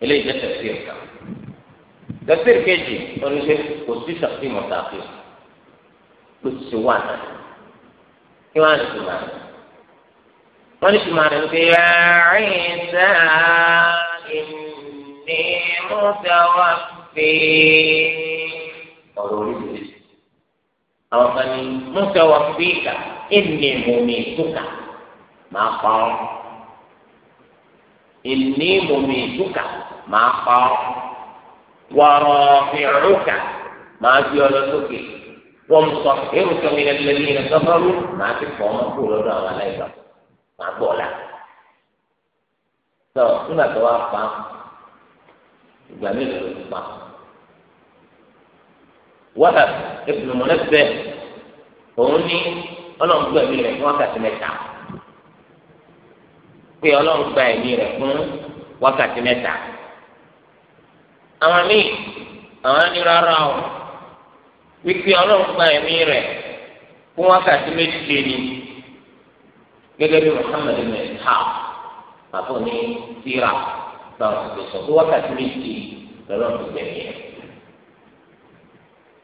eléyìí jẹ́ tẹ̀sí ẹ̀ka tẹ̀sí kejì oníṣẹ́ kò sí tẹ̀sí mọ̀tàkì kò sí wà náà kí wọ́n á lè fi máa rẹ̀ wọ́n lè fi máa rẹ̀ wípé yá Ìsá ìní mọ́tàwá fi ọ̀rọ̀ oríṣiríṣi àwọn kan ní mọ́tàwá fi kà ìní mọ́mí tó kà máa pa ọ́ ìní mòmí ìtúkà máa pa ọ́ wọ̀rọ̀ ìrúkà máa fi ọ lọ sókè wọ́n sọ èrò kẹ́mi lẹ́lẹ́lẹ́ ní sọ́fọ́rú máa ti fọ́ ọmọ kúrò lọ́dọ̀ àwọn aláìsàn máa gbọ́ ọ̀la. tó nígbà tó wá pa ìgbà mélòó ló ti pa wọ́n ibùdó mọ́lẹ́fẹ́ òun ní ọlọ́run rẹ̀ fún wákàtí mẹ́ta. pé ọlọ́run gba ẹ̀mí rẹ̀ fún wákàtí mẹ́ta àwọn míì àwọn ní rárá wípé ọlọ́run gba ẹ̀mí rẹ̀ fún wákàtí ni gẹ́gẹ́ bí Muhammad ibn Ishaq bàbá òní síra ti sọ wákàtí lọ́lọ́run ti gbẹ̀mí rẹ̀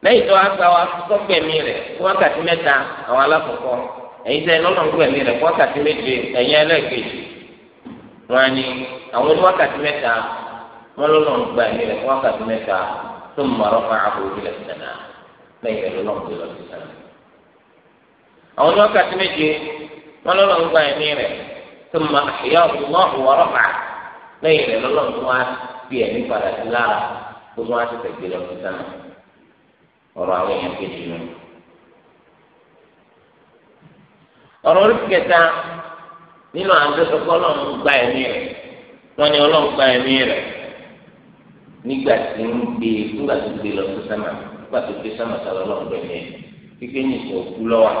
lẹ́yìn tó wá gba wa gbẹ̀mí rẹ̀ fún wákàtí mẹ́ta àwọn alákọ̀ọ́kọ́ sẹ́yìn lọ́lọ́run gbẹ̀mí wọn ni àwọn oníwákàtí mẹ́ta wọn lọ́nà gba ẹ̀mí rẹ̀ wákàtí mẹ́ta tó mọ̀rọ́ fún àbòjú rẹ̀ sẹ́nà lẹ́yìn rẹ̀ lọ́nà tó lọ sí sẹ́nà. àwọn oníwákàtí méje wọn lọ́nà gba ẹ̀mí rẹ̀ tó mọ àṣeyá ọ̀gbọ́n ọ̀wọ́rọ̀ fà lẹ́yìn rẹ̀ lọ́nà tó wá fi ẹ̀mí padà sí lára tó tún ti tẹ̀gbẹ́ lọ sí sẹ́nà ọ̀rọ̀ àwọn èèyàn kejì nù. ọ̀rọ̀ orí kẹta nínú àwọn tó sọ pé ọlọ́run gba ẹ̀mí rẹ̀ wọ́n ní ọlọ́run gba ẹ̀mí rẹ̀ nígbà tí ń gbé nígbà tó gbé lọ sí sámà nígbà tó gbé sámà sá lọ́run gbẹ̀mí ẹ̀ kíkẹ́ ní ìṣòro kú lọ́wọ́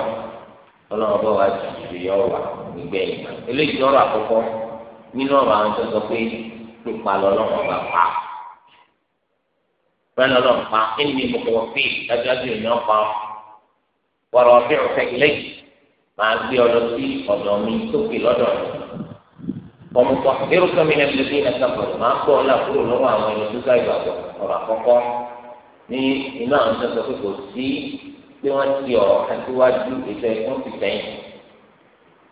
ọlọ́run bá wà jùlọ yọ wà nígbẹ̀yìn eléyìí ọ̀rọ̀ àkọ́kọ́ nínú ọ̀rọ̀ àwọn tó pé pípa lọ́lọ́run ọba pa bẹ́ẹ̀ máa gbé ọ lọ sí ọ̀dọ̀ mi sókè lọ́dọ̀ mi kọmọkọ erùkọ mi lẹbi lẹbi náà sábà máa kọ ọ làkúrò lọ́wọ́ àwọn ẹni tó ká ìgbàgbọ́ ọ̀rọ̀ àkọ́kọ́ ní inú àwọn tó sọ pé kò sí pé wọn ti ọ àtiwájú ètò ẹkún ti sẹ́yìn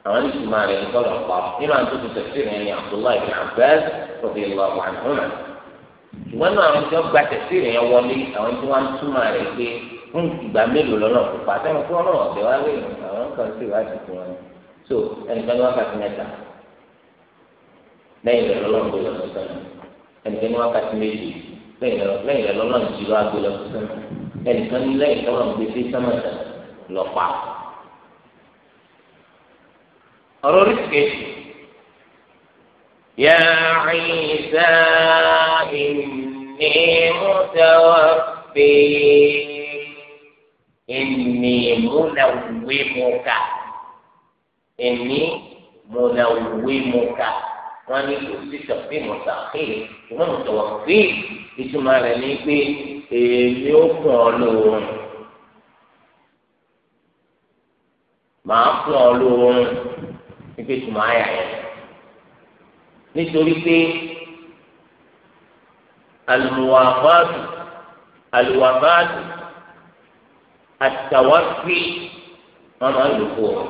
àwọn ní tìmọ rẹ nìkan lọ pa nínú àwọn tó ti tẹsí rẹ ní Abdullahi bin Abbas rọbì lọ wà nùnà ṣùgbọ́n náà àwọn tí gba tẹsí rẹ wọlé àwọn tí wọ́n túmọ̀ rẹ pé fún ìgbà mélòó lọ́nà kópa sẹ́wọ̀n fún ọlọ́run kà sí ìwádìí fún wọn so ẹnìkan ní wákàtí mẹ́ta lẹ́yìn rẹ̀ lọ́lọ́run gbé lọ sí sọnà ẹnìkan ní wákàtí méjì lẹ́yìn rẹ̀ lọ́lọ́run jí lọ gbé lọ sí sọnà ẹnìkan ní lẹ́yìn lọ́lọ́run gbé sí sọmọtà lọ pa. ọ̀rọ̀ orí kejì yà Ìsá ìní mú tẹ́wọ́ fèé èmi múnawémúka èmi múnawémúka wọn ní kò sí tọ̀fí mùsàkéè ìwọ́n mùsàkéè ìtumọ̀ rẹ̀ ní pé èmi ó kàn ọ́ lóorun màá kàn ọ́ lóorun níbi ìtumọ̀ ayà yẹn nítorí pé alùwàfáàdù alùwàfáàdù àtàwáfí wọn máa ń lò fún ọ.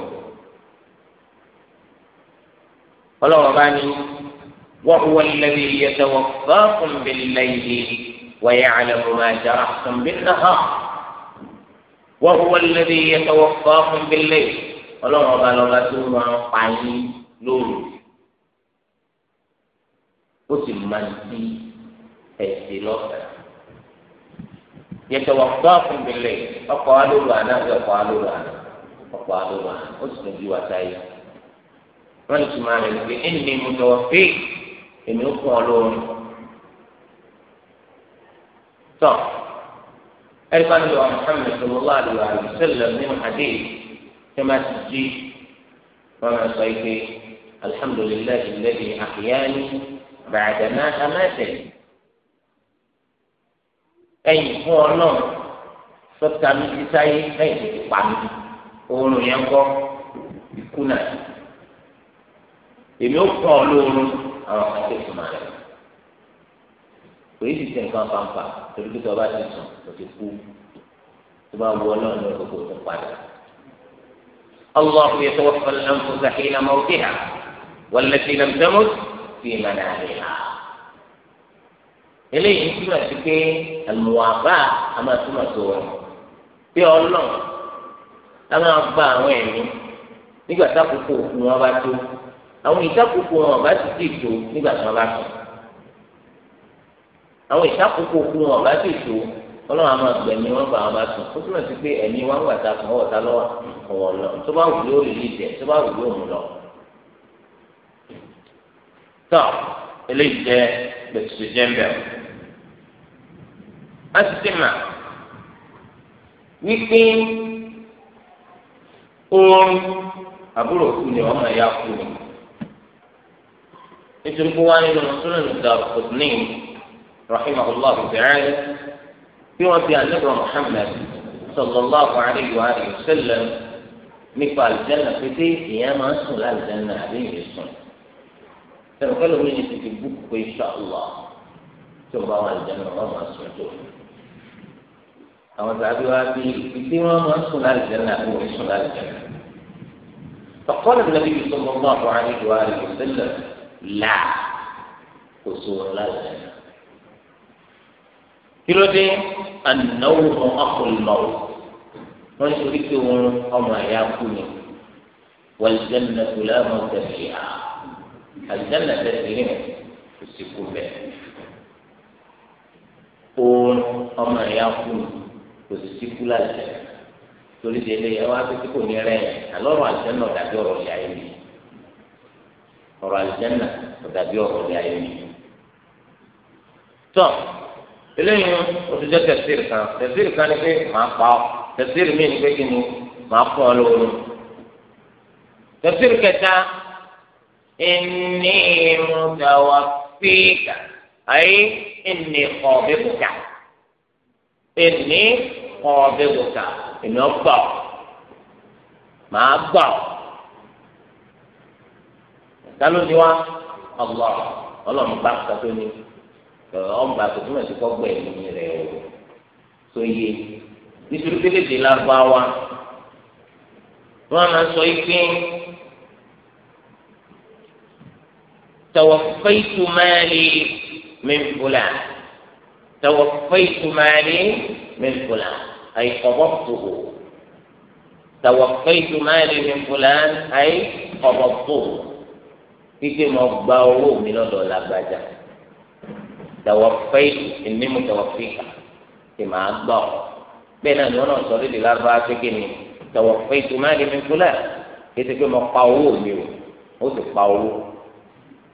ọlọ́run bá ní وهو الذي يتوفاكم بالليل ويعلم ما جرحتم بالنهار وهو الذي يتوفاكم بالليل ọlọ́run ọba lọ́ba tó máa ń lóru ó sì máa di ẹ̀sìn lọ́fẹ̀ẹ́ يتوفاكم بالليل فقالوا أنا فقالوا أنا فقالوا أنا أسلم بوسائل wọ́n tún máa rẹ̀ pé ẹnì mùtọ̀wọ́fẹ́ èmi ń kún ọ lóorun. tọ́ ẹ̀ríkà ní ọ̀rọ̀ Muhammad sallallahu alaihi wa sallam nínú hadith ṣé máa ti jí wọ́n máa sọ pé alhamdulillahi alladhi ahyani ba'da ma amatani. ẹ̀yìn fún ọ náà sọta mi ti sáyé ẹ̀yìn tó ti pa mi oorun yẹn kọ ikú náà èmi ó kàn ọ lóorun àwọn kan tó sùn máa rẹ èyí ti ṣe nǹkan fanfa torí pé ọba ti sùn kò ti kú tó bá wọ náà ní ọkọ tó padà. الله يتوفى الأنفس حين موتها والتي لم تمت في منامها eléyìí túmọ̀ sí àlùmọ̀wàfà a máa túmọ̀ wọn bí ọlọ́ọ̀ a máa gba àwọn ẹ̀mí nígbà sákòókò ni wọ́n bá tó àwọn ìsákòókò wọn bá ti dì tó nígbà tí wọ́n bá tó àwọn ìsákòókò wọn bá ti tó ọlọ́run a máa gbẹ̀mí wọn bá wọn bá tó ó túmọ̀ sí pé ẹ̀mí wọn wà ta fún ọ̀tá lọ́wọ́ ọ̀wọ́ lọ tó bá wù yóò lè jẹ tó bá wù yóò mú lọ. tọ́ eléyìí jẹ́ gbèsè jẹ́ ń bẹ̀rù a ti ti mà wípé oorun àbúrò kù ni ọmọ ẹ̀yà kù ni nítorí pé wá nínú sunan Daraqutni rahimahullah ta'ala bí wọ́n fi àlẹ́bọ̀ Muhammad sallallahu alayhi wa sallam nípa àlùjáná pété ìyẹn máa ń sùn láàlùjáná àbí sùn ẹnìkan lómi ní ti ti búkú pé insha Allah tó bá wà àlùjáná wọn máa sùn tó àwọn sàbí wa bí ìdí wọn máa ń sùn láti jẹ náà àbí wọn sùn láti jẹ náà. فقال النبي صلى الله عليه وآله وسلم لا قصور لا الجنة kílódé anáwó akọlùmọ̀ọ́ wọ́n ti rí pé wọn ọmọ ẹ̀yà kú ni wàlìjẹ́nà fúlẹ́ ọmọ tẹ̀sí à àlìjẹ́nà tẹ̀sí rìn kò sí kú bẹ́ẹ̀ òun ọmọ ẹ̀yà kú ni kò sì sí kú láìsẹ̀ torí délé ẹ wá pé kò ní rẹ̀ àlọ́rọ̀ àlùjẹ́nà dàbí ọ̀rọ̀ ilé ayé mi ọ̀rọ̀ àlùjẹ́nà dàbí ọ̀rọ̀ ilé ayé mi. tọ́ eléyìí o ti jẹ́ tẹ̀síìrì kan tẹ̀síìrì kan ni pé màá pa ọ́ tẹ̀síìrì mi ni pé kí ni màá fún ọ lóru tẹ̀síìrì kẹta ẹni mo fíìkà ayé ẹni kọ̀ọ̀bẹ́kùkà ẹni kọ́ ọbẹ̀ wò ká èmi ọ̀ gbà ọ́ màá gbà ọ́ tálóni wa ọgbà ọlọ́run bá kàtó ni ọgbà tó túmọ̀ sí kọ́gbà ẹ̀mí rẹ̀ o tó yé nítorí pélédé lárúbáwá wọn máa sọ ike tawafaitu maali min fulan tawafaitu maali أي قبضته توفيت مالي من فلان أي قبضته kíkẹ́ mọ gba owó mi lọ́dọ̀ lágbájá tawọ́fẹ́ ẹ̀mí mu tawọ́fẹ́ kà kí màá gbà ọ́ bẹ́ẹ̀ náà ni wọ́n náà sọ̀rọ̀ ìdílé arúgbó akéke ni tawọ́fẹ́ ìtumá ni mi kúlẹ̀ kété pé mo pa owó mi o ó sì pa owó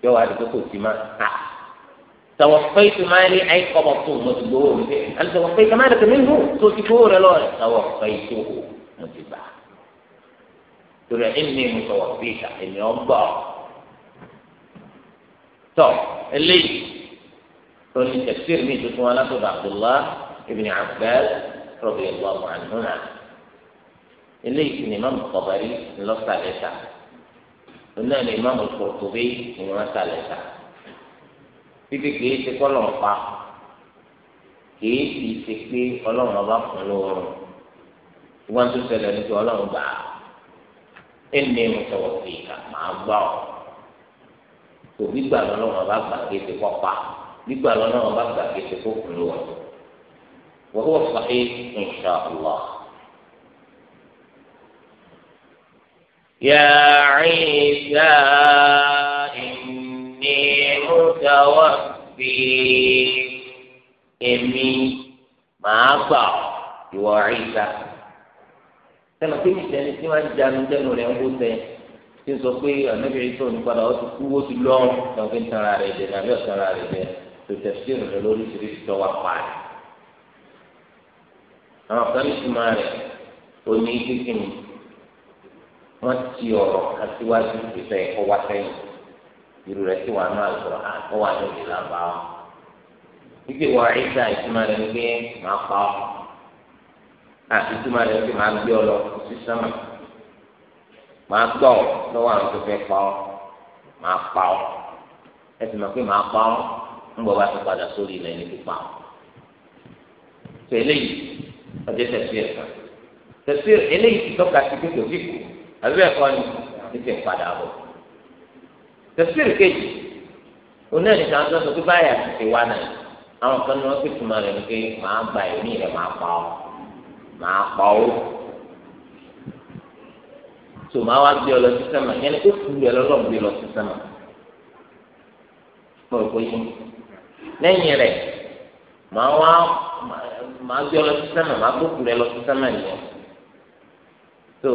yọ wá di pé kò sí má a ah, توفيت مالي أي قبضته مجبور هل توفيت مالك منه تذكر له توفيته مجبع تقول إني متوفيك إني أبا طب اللي تقول لي تفسير مين تسوانا عبد الله ابن عباس رضي الله عنهما نعم. اللي الإمام الطبري اللي صار الإمام القرطبي اللي ما صار títí kìí ṣe kọ́lọ̀ ń pa kìí sì ṣe pé ọlọ́run ọba fún lóorùn ìwọ́n tó ṣẹlẹ̀ ní ti ọlọ́run gbà á ẹnì ń sọ̀rọ̀ sí ìkà máa gbà ọ́ kò gbígbà lọ́lọ́run ọba gbà kìí ṣe kọ́ pa gbígbà lọ́lọ́run ọba gbà kìí ṣe kó fún lóorùn wọ́n wọ́n sọ pé insha Allah. يا عيسى إني المتوفي èmi màá gbà ìwọ àyíká sẹ́nu kí nìṣẹ́ ni tí wọ́n ń jáde jẹ́nu rẹ̀ ń kó sẹ́ tí ń sọ pé ànábì Ìsá ní padà ó ti kú ó ti lọ́rùn náà fi ń tanra rẹ̀ jẹ nàbí ọ̀tanra rẹ̀ jẹ tó tẹ̀sí ìrìnà lóríṣiríṣi tó wà pa rẹ̀. àwọn kan ní ìtumọ̀ rẹ̀ ó ní kíkìnì wọ́n ti ọ̀rọ̀ kásíwájú ìfẹ́ ọwá sẹ́yìn irú rẹ̀ sì wà ní àlùkò hàn ó wà ní ìlà bá wọn. wípé wọ́n ẹ̀ṣá ìtumọ̀ rẹ̀ ní pé màá pa ọ́ àti ìtumọ̀ rẹ̀ ní pé màá gbé ọ lọ sí sọ́mà màá gbọ́ ọ lọ́wọ́ àwọn tó fẹ́ pa ọ́ màá pa ọ́ ẹ sì pé màá pa ọ́ ń bọ̀ bá ti padà sórí ilẹ̀ ní pípa ọ́. tó eléyìí ọjọ́ tẹ̀sí ẹ̀ka tẹ̀sí eléyìí ti pé kò kù àbí ẹ̀kọ́ ni ti ti padà bọ̀ tẹsíìrì kejì oní ẹni kan sọ pé báyà ti wá náà àwọn kan ní wọn fi tuma rẹ pé màá gba ẹ̀mí rẹ màá pa ọ màá pa ọ tó màá wá gbé ọ lọ sí sẹmà yẹn ni ó kú rẹ lọlọ gbé lọ sí sẹmà mo rò pé yín lẹ́yìn rẹ màá wá màá gbé ọ lọ sí sẹmà màá gbókù rẹ lọ sí sẹmà yẹn tó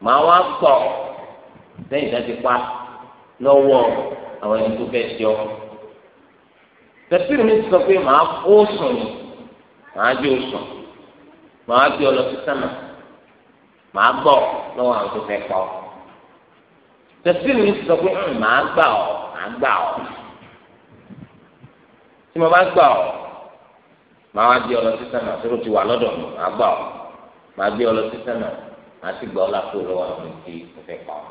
màá wá sọ lẹ́yìn tó ti pa lọ́wọ́ àwọn ẹni tó fẹ́ jọ tẹsílì mi sọ pé màá kó sùn ni màá jó sùn màá bí ọlọsí sánà màá gbọ́ lọ́wọ́ àwọn tó fẹ́ pa ọ tẹsílì mi sọ pé hmm, màá gbà ọ màá gbà ọ tí mo bá gbà ọ màá wá bí ọlọsí sánà tó ti wà lọ́dọ̀ mi màá gbà ọ màá bí ọlọsí sánà màá sì gbà ọ lápò lọ́wọ́ àwọn tí fẹ́ pa ọ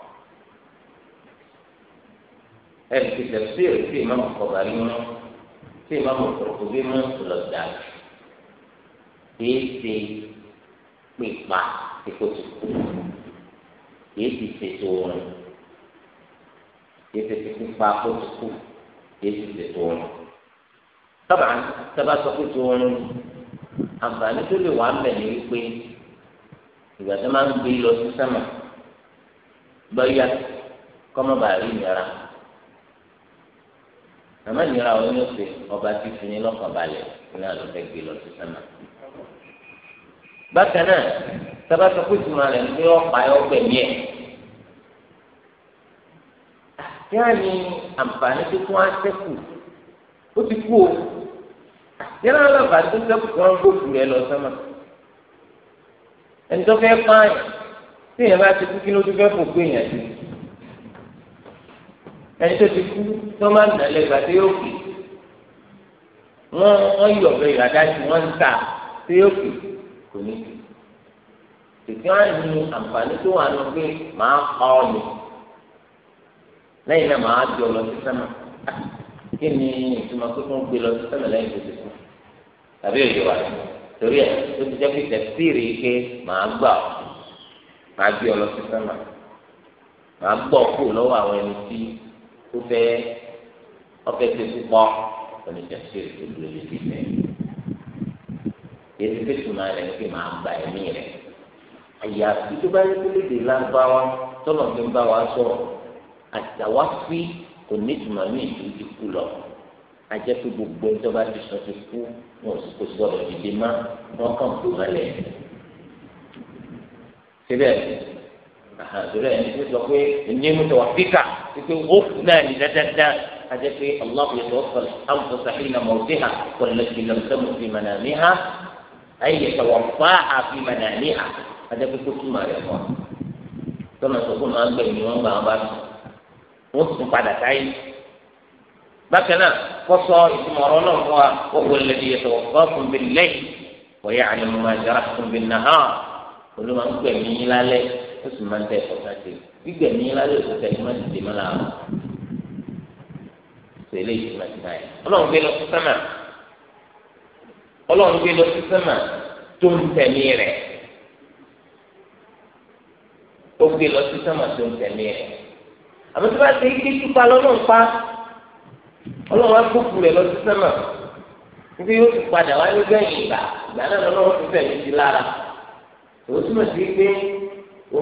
ẹnì kí tẹ̀síìrì tí ìmáàmù kọ̀ọ̀bá ní mú tí ìmáàmù kọ̀ọ̀kọ̀ bí mú lọ́dà kìí ṣe pípa ìkótùkù kìí ti ṣètò oorun kìí ṣe ti pípa kótùkù kìí ti ṣètò oorun. sábà sábà sọ pé tó oorun àǹfààní tó lè wà ń bẹ̀ ní wípé ìgbà tó máa ń gbé lọ sí sẹ́mà lọ́yà kọ́mọ́bà rí ìnira àmọ́ ìnira wọn ni ó pè ọba ti fi ní lọ́kàn balẹ̀ iná ló fẹ́ gbé lọ sí sẹ́mà. bákan náà sábà sọ pé ìtumọ̀ rẹ̀ ní ọ̀pá ẹ̀ ọ̀gbẹ̀mí ẹ̀. kí á ní àǹfààní tó tún á ó ti kú o kí á ní àǹfààní tó sẹ́kù tó ń gbòòfù rẹ̀ lọ sẹ́mà. ẹni tó fẹ́ pààyàn tí èèyàn bá ti kú kí ló tún fẹ́ fò gbé èèyàn sí i ẹni tó ti kú tó máa ń nà lẹ́gbàá tó yóò kì wọ́n wọ́n yọ̀ bẹ yọ̀ adájú wọ́n ń tà tó yóò kì kò ní kì tètè wọ́n ní àǹfààní tó wà nù pé màá kọ́ ọ mi lẹ́yìn náà màá di ọ lọ sí sẹ́mà kí ni ìtumọ̀ pé kó ń gbé lọ sí sẹ́mà lẹ́yìn tó ti kú tàbí òye wà torí ẹ̀ tó ti jẹ́ pé tẹ̀síìrì ike màá gbà ọ́ màá gbé ọ lọ sí sẹ́mà màá gbọ́ kú lọ́wọ́ àwọn ẹni tí tó fẹ́ ọfẹ́ tó púpọ̀ òní tẹ̀síìrì tó dúró lórí ìfẹ́ yẹtí pé tùmọ̀ rẹ̀ ń fi máa gba ẹ̀mí rẹ̀ àyàfi tó bá yẹ kó léde lágbáwá tọ́lọ̀ fi ń bá wa sọ̀rọ̀ àtàwá fi kò ní tùmọ̀ ní ìlú ti kú lọ ajẹ́ pé gbogbo ẹjọ́ ti sọ ti kú wọn sì kó sọ̀rọ̀ dìde má wọn kàn kú lálẹ́ síbẹ̀ àdúrà ẹni tó sọ pé ní mùtọ̀wáfíkà pípé ó náà ní dáadáa adé pé allah yẹ tó fọlẹ àwùjọ sàhìnà mọ̀ọ́dẹ́hà kọ̀lẹ́sì lọ́sẹ̀mù fi mọ̀nà níhà ayé tọ̀wọ̀fá àfi mọ̀nà níhà adé pé kó túmọ̀ rẹ̀ mọ́ tọ́nà tó kó máa ń gbẹ̀yìn wọn gbà wọn bá sùn wọ́n tún padà táyé bákan náà kọ́sọ́ ìtumọ̀rọ̀ náà fún wa ó wọlé yẹ tọ̀wọ̀fá fún bi lẹ́yìn wọ́n yẹ àlẹ́ mọ́ ó sì máa ń tẹ ẹ̀kọ́ láti gbígbẹ̀mí láyé òṣìṣẹ́ ìmọ̀ ìdè mọ́ làwọn ṣe eléyìí ti máa ti náà yẹn ọlọ́run gbé lọ sí sẹ́mà ọlọ́run gbé lọ sí sẹ́mà tó ń tẹ̀mí rẹ̀ ó gbé lọ sí sẹ́mà tó ń tẹ̀mí rẹ̀ àmọ́ tí wọ́n ti ké túpa lọ́lọ́run pa ọlọ́run á gbókù rẹ̀ lọ sí sẹ́mà níbi yóò ti padà wá gbẹ̀yìn ìgbà ìgbà náà lọ́lọ́run ti fẹ̀mí sí lára òun túmọ̀ sí pé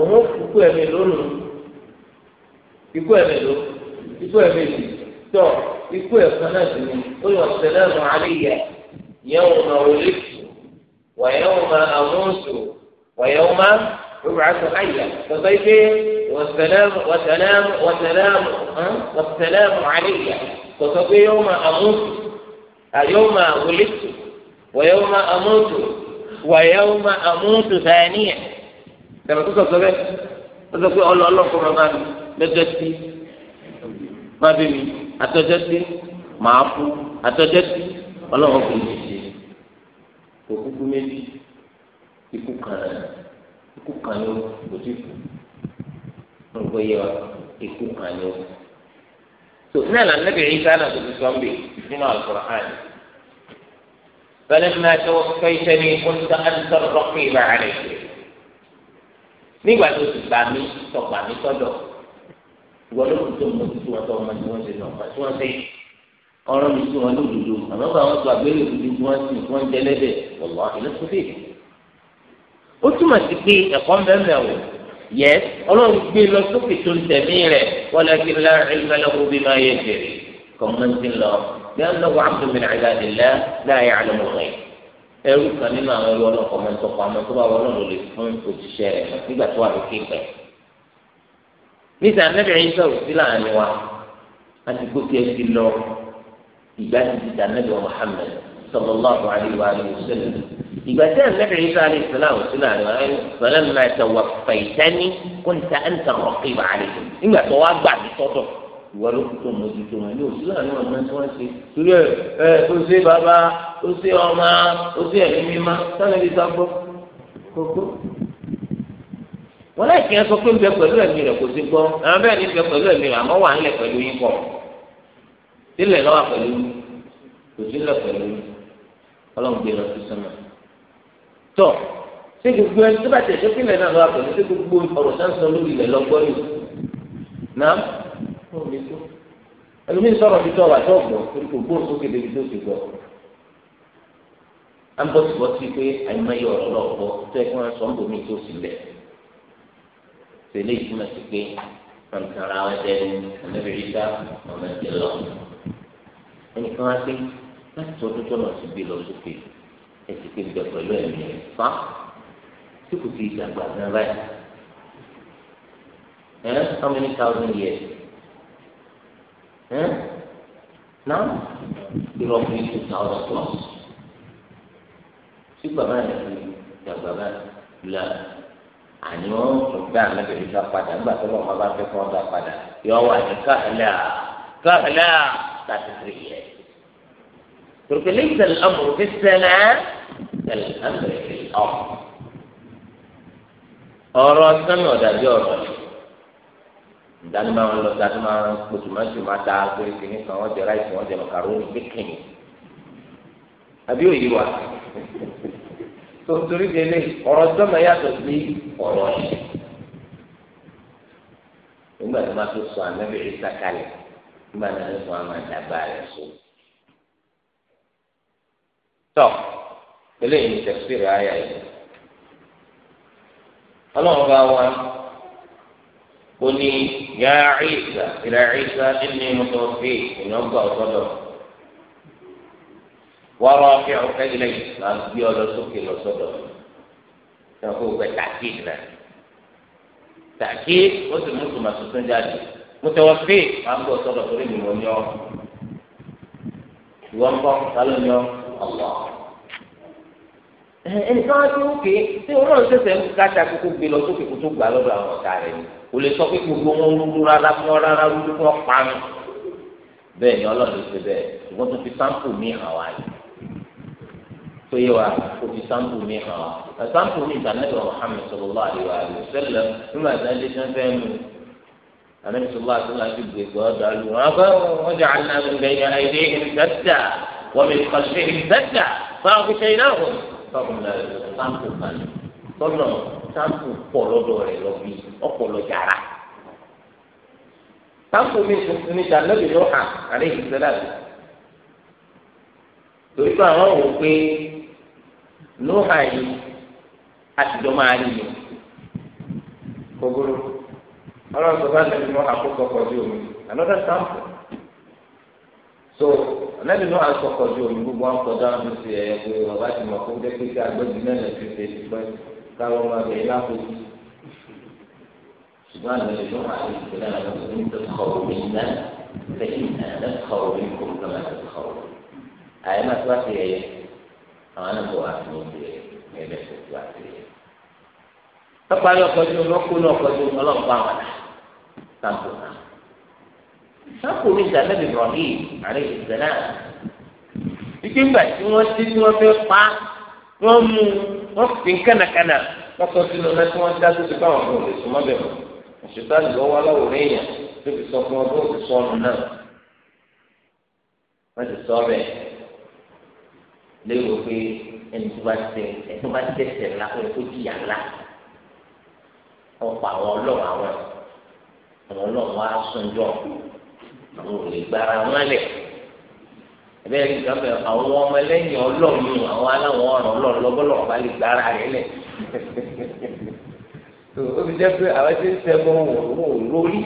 òun ikú ẹ̀mí lónìí ikú ẹ̀mí ló ikú ẹ̀mí sì tọ̀ ikú ẹ̀kan náà sì ni ó yọ sẹlẹ̀mù aléyẹ yẹn wọn máa wọlé tù wọ̀nyẹn wọn máa àmúṣù wọ̀nyẹn wọn máa rúbà tó àyà tọ́tọ́ ife wọ̀sẹ̀lẹ̀mù wọ̀sẹ̀lẹ̀mù wọ̀sẹ̀lẹ̀mù wọ̀sẹ̀lẹ̀mù aléyẹ tọ́tọ́ pé yọ máa àmúṣù àyọ̀ máa wọlé tù wọ̀nyẹn wọn máa àmúṣù wọ̀nyẹn wọn máa àmúṣù sáyẹnìyẹ tẹmẹ kó sọsọ bẹ ó sọ pé ọlọ ọlọpọ máa bá mi lọ́jọ́ sí má bí mi àtọjọ́ sí màá fún àtọjọ́ sí Ọlọ́run kò ní ṣe kò kúkú méjì ikú kan ikú kan ló kò tí kù mo yẹ wa ikú kan ló tó náà lànà bí ẹyin sáà náà tó ti sọ ń bè nínú Al-Qur'an فلما توفيتني كنت أنت الرقيب عليك nígbà tó ti gbà mí tọgbà mí tọdọ ìwọ ló kù tó mọ títí wọn tó ọmọ tí wọn ṣe lọ ọmọ tí wọn ṣe ọ̀rọ̀ mi tí wọn ló dodo àmọ́ bá wọn tó àgbélé òdodo tí wọn sì wọn jẹ lẹbẹ ọlọ ìlú tó dé ó túmọ̀ sí pé ẹ̀kọ́ mẹ́mẹ́ o yẹ ọlọ́run gbé lọ sókè tó ń tẹ̀mí rẹ̀ wọlé kí ńlá ìlúmọ̀lẹ́kùn bí máa yẹ jèrè kọ́mọ́ntì lọ bí wọn lọ ẹrú kan nínú àwọn ẹrú ọlọ́kọ̀ máa ń tọpa àmọ́ tó bá wọn náà lò lè fún òṣìṣẹ́ rẹ̀ mọ̀ nígbà tó wà ní kéèpẹ̀. níta nẹ́bẹ̀rẹ̀ yìí sọ̀rọ̀ sí láàrin wa láti gbókè ẹsẹ̀ lọ ìgbà tí ti ta nẹ́bẹ̀rẹ̀ Muhammad sallallahu alaihi wa alihi wasallam ìgbà tí nẹ́bẹ̀rẹ̀ yìí sọ̀rọ̀ sí láàrin sí láàrin wa falamma tawaffaitani kunta anta raqiba alaihim nígbà tó wá gbà mí sọ́dọ̀ ìwà ló kú tó mójútó wọn ní òsì láàrin ọmọ tí wọn ṣe torí ẹ ẹ ó ṣe bàbá ó ṣe ọmọ ó ṣe ẹ̀mí mímá sani bí sábọ kókó. wọn láì kí ẹ sọ pé ń bẹ pẹ̀lú ẹ̀mí rẹ̀ kò sí gbọ́ àwọn bẹ́ẹ̀ ní bẹ pẹ̀lú ẹ̀mí rẹ̀ àmọ́ wà ń lẹ̀ pẹ̀lú yín pọ̀ sílẹ̀ lọ́wọ́ pẹ̀lú kò sílẹ̀ pẹ̀lú ọlọ́run gbé lọ sí sọ́nà. tọ́ ṣé gbogbo ẹni tó bá tẹ̀ ṣé kílẹ̀ náà lọ́wọ́ pẹ̀lú ṣé gbogbo ọ̀rọ̀ sáńsọ lórí ilẹ̀ lọ́gbọ́n yìí náà wọn ò lè tó ẹlòmíín sọ̀rọ̀ bí tọ́wà tó gbọ́ torí kò gbóhùn sókè débi tó ti gbọ́ à ń bọ́ sí bọ́ sí pé àìmọye ọ̀rọ̀ lọ gbọ́ tó ẹ kí wọ́n sọ ń bomi tó sì lẹ̀ tẹ̀lé ìtumọ̀ sí pé wọn kàn ra wọn jẹ ọmọ ìrírí ká ọmọ ìjẹ lọ ẹnìkan wá pé láti tó ọdún náà ti gbé lọ sókè ẹ ti pé ń bẹ ẹ̀mí ẹ̀ fá tí kò ti dàgbà gan báyìí ẹ̀ how many thousand years náà irọ́ fún yìí two thousand plus tí bàbá yẹn fi dàgbà báyìí la àní wọn tún gbé àlejò yìí dá padà nígbà tó lọ́wọ́ bá fẹ́ kọ́ ọ́ dá padà yọ wà ní káhìlá káhìlá láti rí yẹ. ترك ليس الأمر في السماء كالأمر في الأرض أرى السماء دابي أرى ìdáni máa ń lọ ìdáni máa ń kpọtù máa ń tù máa da pé kìnnì kan wọ́n jẹ ráìsì wọ́n jẹ màkàrónì kékeré àbí òye wa tó torí délé ọ̀rọ̀ sọ́mọ yàtọ̀ sí ọ̀rọ̀ yẹn nígbà tí wọ́n ti sọ ànábì ìsà kalẹ̀ nígbà tí wọ́n ti sọ àwọn àdàbà rẹ̀ sọ. tọ́ eléyìí ni tẹ̀síìrì ayà yìí ọlọ́run bá wa ó ní. يا عيسى إلى عيسى إني متوفيك إن أبقى وصدر ورافعك إلي ما أبقى لسكي وصدر فهو تأكيدنا تأكيد وسم مسلم سلطان جادي متوفيك ما أبقى تريد من يوم يوم قال يوم الله ẹnìkan á ti wúkẹ́ tí olóòtú ṣẹ̀ṣẹ̀ ń káṣá kúkú gbé lọ sókè kó kò lè sọ pé gbogbo wọn rúru rárá fún ọ rárá rúru fún ọ pààrọ̀ bẹ́ẹ̀ ni ọlọ́run ṣe bẹ́ẹ̀ ṣùgbọ́n tó fi sáǹpù mi hàn wá yìí tó yẹ wa kò fi sáǹpù mi hàn wá sáǹpù mi ìdánilẹ́bẹ̀ Muhammad sallallahu alaihi wa sallam nígbà tí wọ́n lé sẹ́ńfẹ́ mu anabi sallallahu alaihi wa sallam gbègbè ọ̀dọ̀ alu wọn bá wọn jẹ alẹ́ mi bẹ́ẹ̀ yẹn ayé ẹ̀yìn dẹ́tà wọ́n mi kọ́ sí ẹ̀yìn dẹ́tà fi ṣe iná sáǹpù pọ̀ lọ́dọ̀ rẹ̀ lọ bí ọpọlọ yàrá sáǹpù mi tuntun níta lẹ́bi ló hàn àlẹ́ ìṣẹ́lá rẹ̀ torí pé àwọn wò pé ló hàn yìí àtijọ́ máa rí mi kogoro ọlọ́run tó bá lẹ́bi ló hàn kó sí omi another sample. so anabi náà asọkọ ju omi gbogbo akọdá ọdún sí ẹ pé ọba ti mọ fún dẹkẹtì agbẹbi náà lẹsẹ ṣe ti káwọn ọmọ abẹ́rẹ́ lápòjù ṣùgbọ́n àwọn ẹ̀rọ àti ìpínlẹ̀ àwọn ọmọ ní tẹ̀síkọ̀rọ̀ mi náà lẹ́yìn náà tẹ̀síkọ̀rọ̀ mi kò ní kọ́má tẹ̀síkọ̀rọ̀ mi. àyè máa tó wá ẹyẹ àwọn náà bọ̀ oúnjẹ ẹ̀rẹ́ tó wá sí ẹyẹ. pápá lọ́kọ̀ọ́jú lọ́kùnrin ọ̀kọ̀ọ́jú náà. sáàpù mi ìjà lẹ́bi wọ́n fi kánakánà wọ́n sọ sínú náà tí wọ́n dá tó ti báwọn fún òde súnmọ́ bẹ̀rù òṣìṣẹ́ àlùbọ́wọ́ aláwòrán èèyàn tó fi sọ fún ọdún òṣìṣ wọ́n ti sọ bẹ́ẹ̀ léwu pé ẹni tó bá tẹ ẹni tó bá tẹsẹ̀ ńlá ó yẹ jìyà ńlá ọ̀pọ̀ àwọn ọlọ́run àwọn àwọn ọlọ́run wa sùn àwọn ò lè gbára wọn lẹ̀ ẹbẹ rí nǹkan bẹ àwọn ọmọ ẹlẹ́yìn Ọlọ́run àwọn aláwọn ọ̀ràn Ọlọ́run lọbọlọrọ bá lè gbára rẹ lẹ tó o fi jẹ pé àwọn ẹsẹ ń sẹgbọn òun ò lórí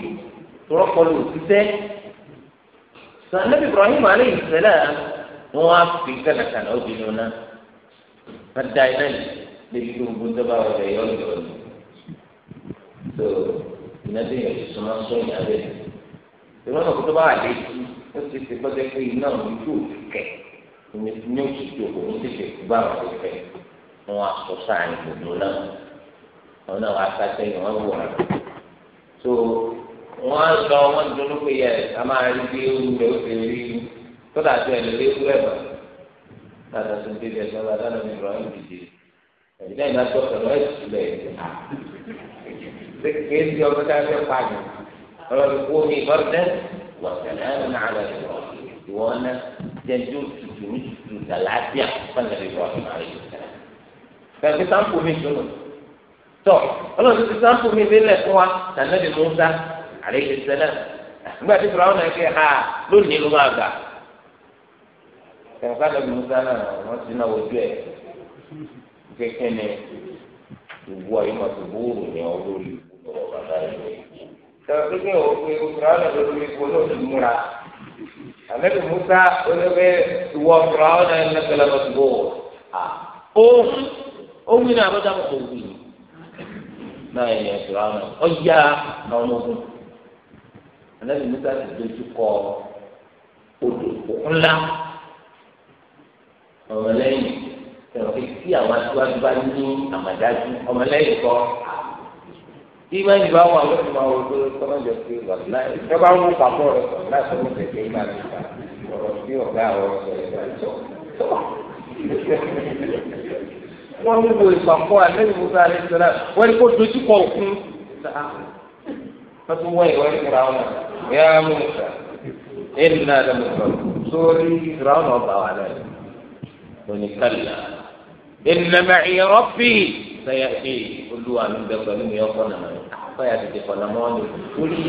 tọrọpọlọ òtítẹ sànẹbi Ibrahim aleyhi sẹlẹ ni wọn á fi kànàkànà obìnrin náà wọn da iná yìí lébi tó gbogbo tó bá wà lẹ yọ lọ ni tó ìnáwó yẹn ti sọmọ sọyìn abẹ ìrọ̀lẹ́ ó ti ṣe kọjá pé iná ojú òfin kẹ ní oṣù tó kò ní tètè gbà wọn fẹ wọn aṣọ sáàyè gbogbo náà wọn náà wàá sátẹyìn wọn wò wọn so wọn á lọ wọn dunu pé yẹ ká máa rí bí oúnjẹ ó ti rí tó dàtú ẹ lórí ewúrẹ́ mọ láti ọsùn tí ìdí ẹsẹ ọlọ́dún ní ìrọ̀lẹ́ ìdíje ẹ̀yìn náà ìdájọ́ ọ̀sọ̀rọ̀ ẹ̀ sílẹ̀ ṣé kí ẹ ti ọgbẹ́ ká fẹ́ pààyàn ọlọ́dún kú omi ìbọn وسلام على إبراهيم وأنا جنجو تجوني تجوني تلاتيا فأنا إبراهيم عليه السلام ففي سامبو من شنو tọ Ọlọ́run ti sampo mi lélẹ̀ fún wa tànàbí Musa àlejò sẹlẹ nígbà tí fúlàwọn náà ké ha lónìí ló máa gbà tẹnifá nàbí Musa náà wọn ti náà wojú ẹ kékeré ni ìwú ọyọ máa fi bóòrò ní ọdún lórí ìwúlọ bàbá rẹ lórí tẹ̀wọ́n ò pe fúráwọn náà lórí ipò náà ti múra àmẹ́tò musa olóògbé ìwọ fúráwọn náà ń lẹ́kẹ̀lẹ́ lọ sí bọ́ọ̀ òun òun ní abọ́dá kò wí náà ẹ̀yẹ fúráwọn ọ̀yá àwọn ogun àmẹ́tò musa ti dojú kọ odò òkun ńlá ọmọlẹ́yìn tẹ̀wọ́n kí àwọn aṣáájú bá ní àmàdájú ọmọlẹ́yìn kọ́ à ìmánì bá wà lórí ma wo pé kọ́mọ̀jọ pé wàlá ìjọba ń wò pàpọ̀ rẹ̀ sọ̀rọ̀ láti ọ̀rọ̀ kẹ̀kẹ́ ìgbà nípa ọ̀rọ̀ sí ọ̀gá ọ̀rọ̀ sọ̀rọ̀ ìgbà tó. wọ́n ń wo ìpàpọ̀ àlẹ́lẹ́ musa alẹ́ sọ̀rọ̀ wọ́n ní kó dojú kọ òkun. wọ́n tún wọ́n ìwọ́n ní kura wọn yá musa ẹ̀ẹ́dì náà lẹ́nu sọ̀rọ̀ sórí ìtura ọ̀nà ọ̀bà wà náà sẹ́yà pé olúwa mi bẹ pẹ̀lú mi ọkọ nàmọ́ mi àkọ́yà tètè kọ̀ nàmọ́ ni orí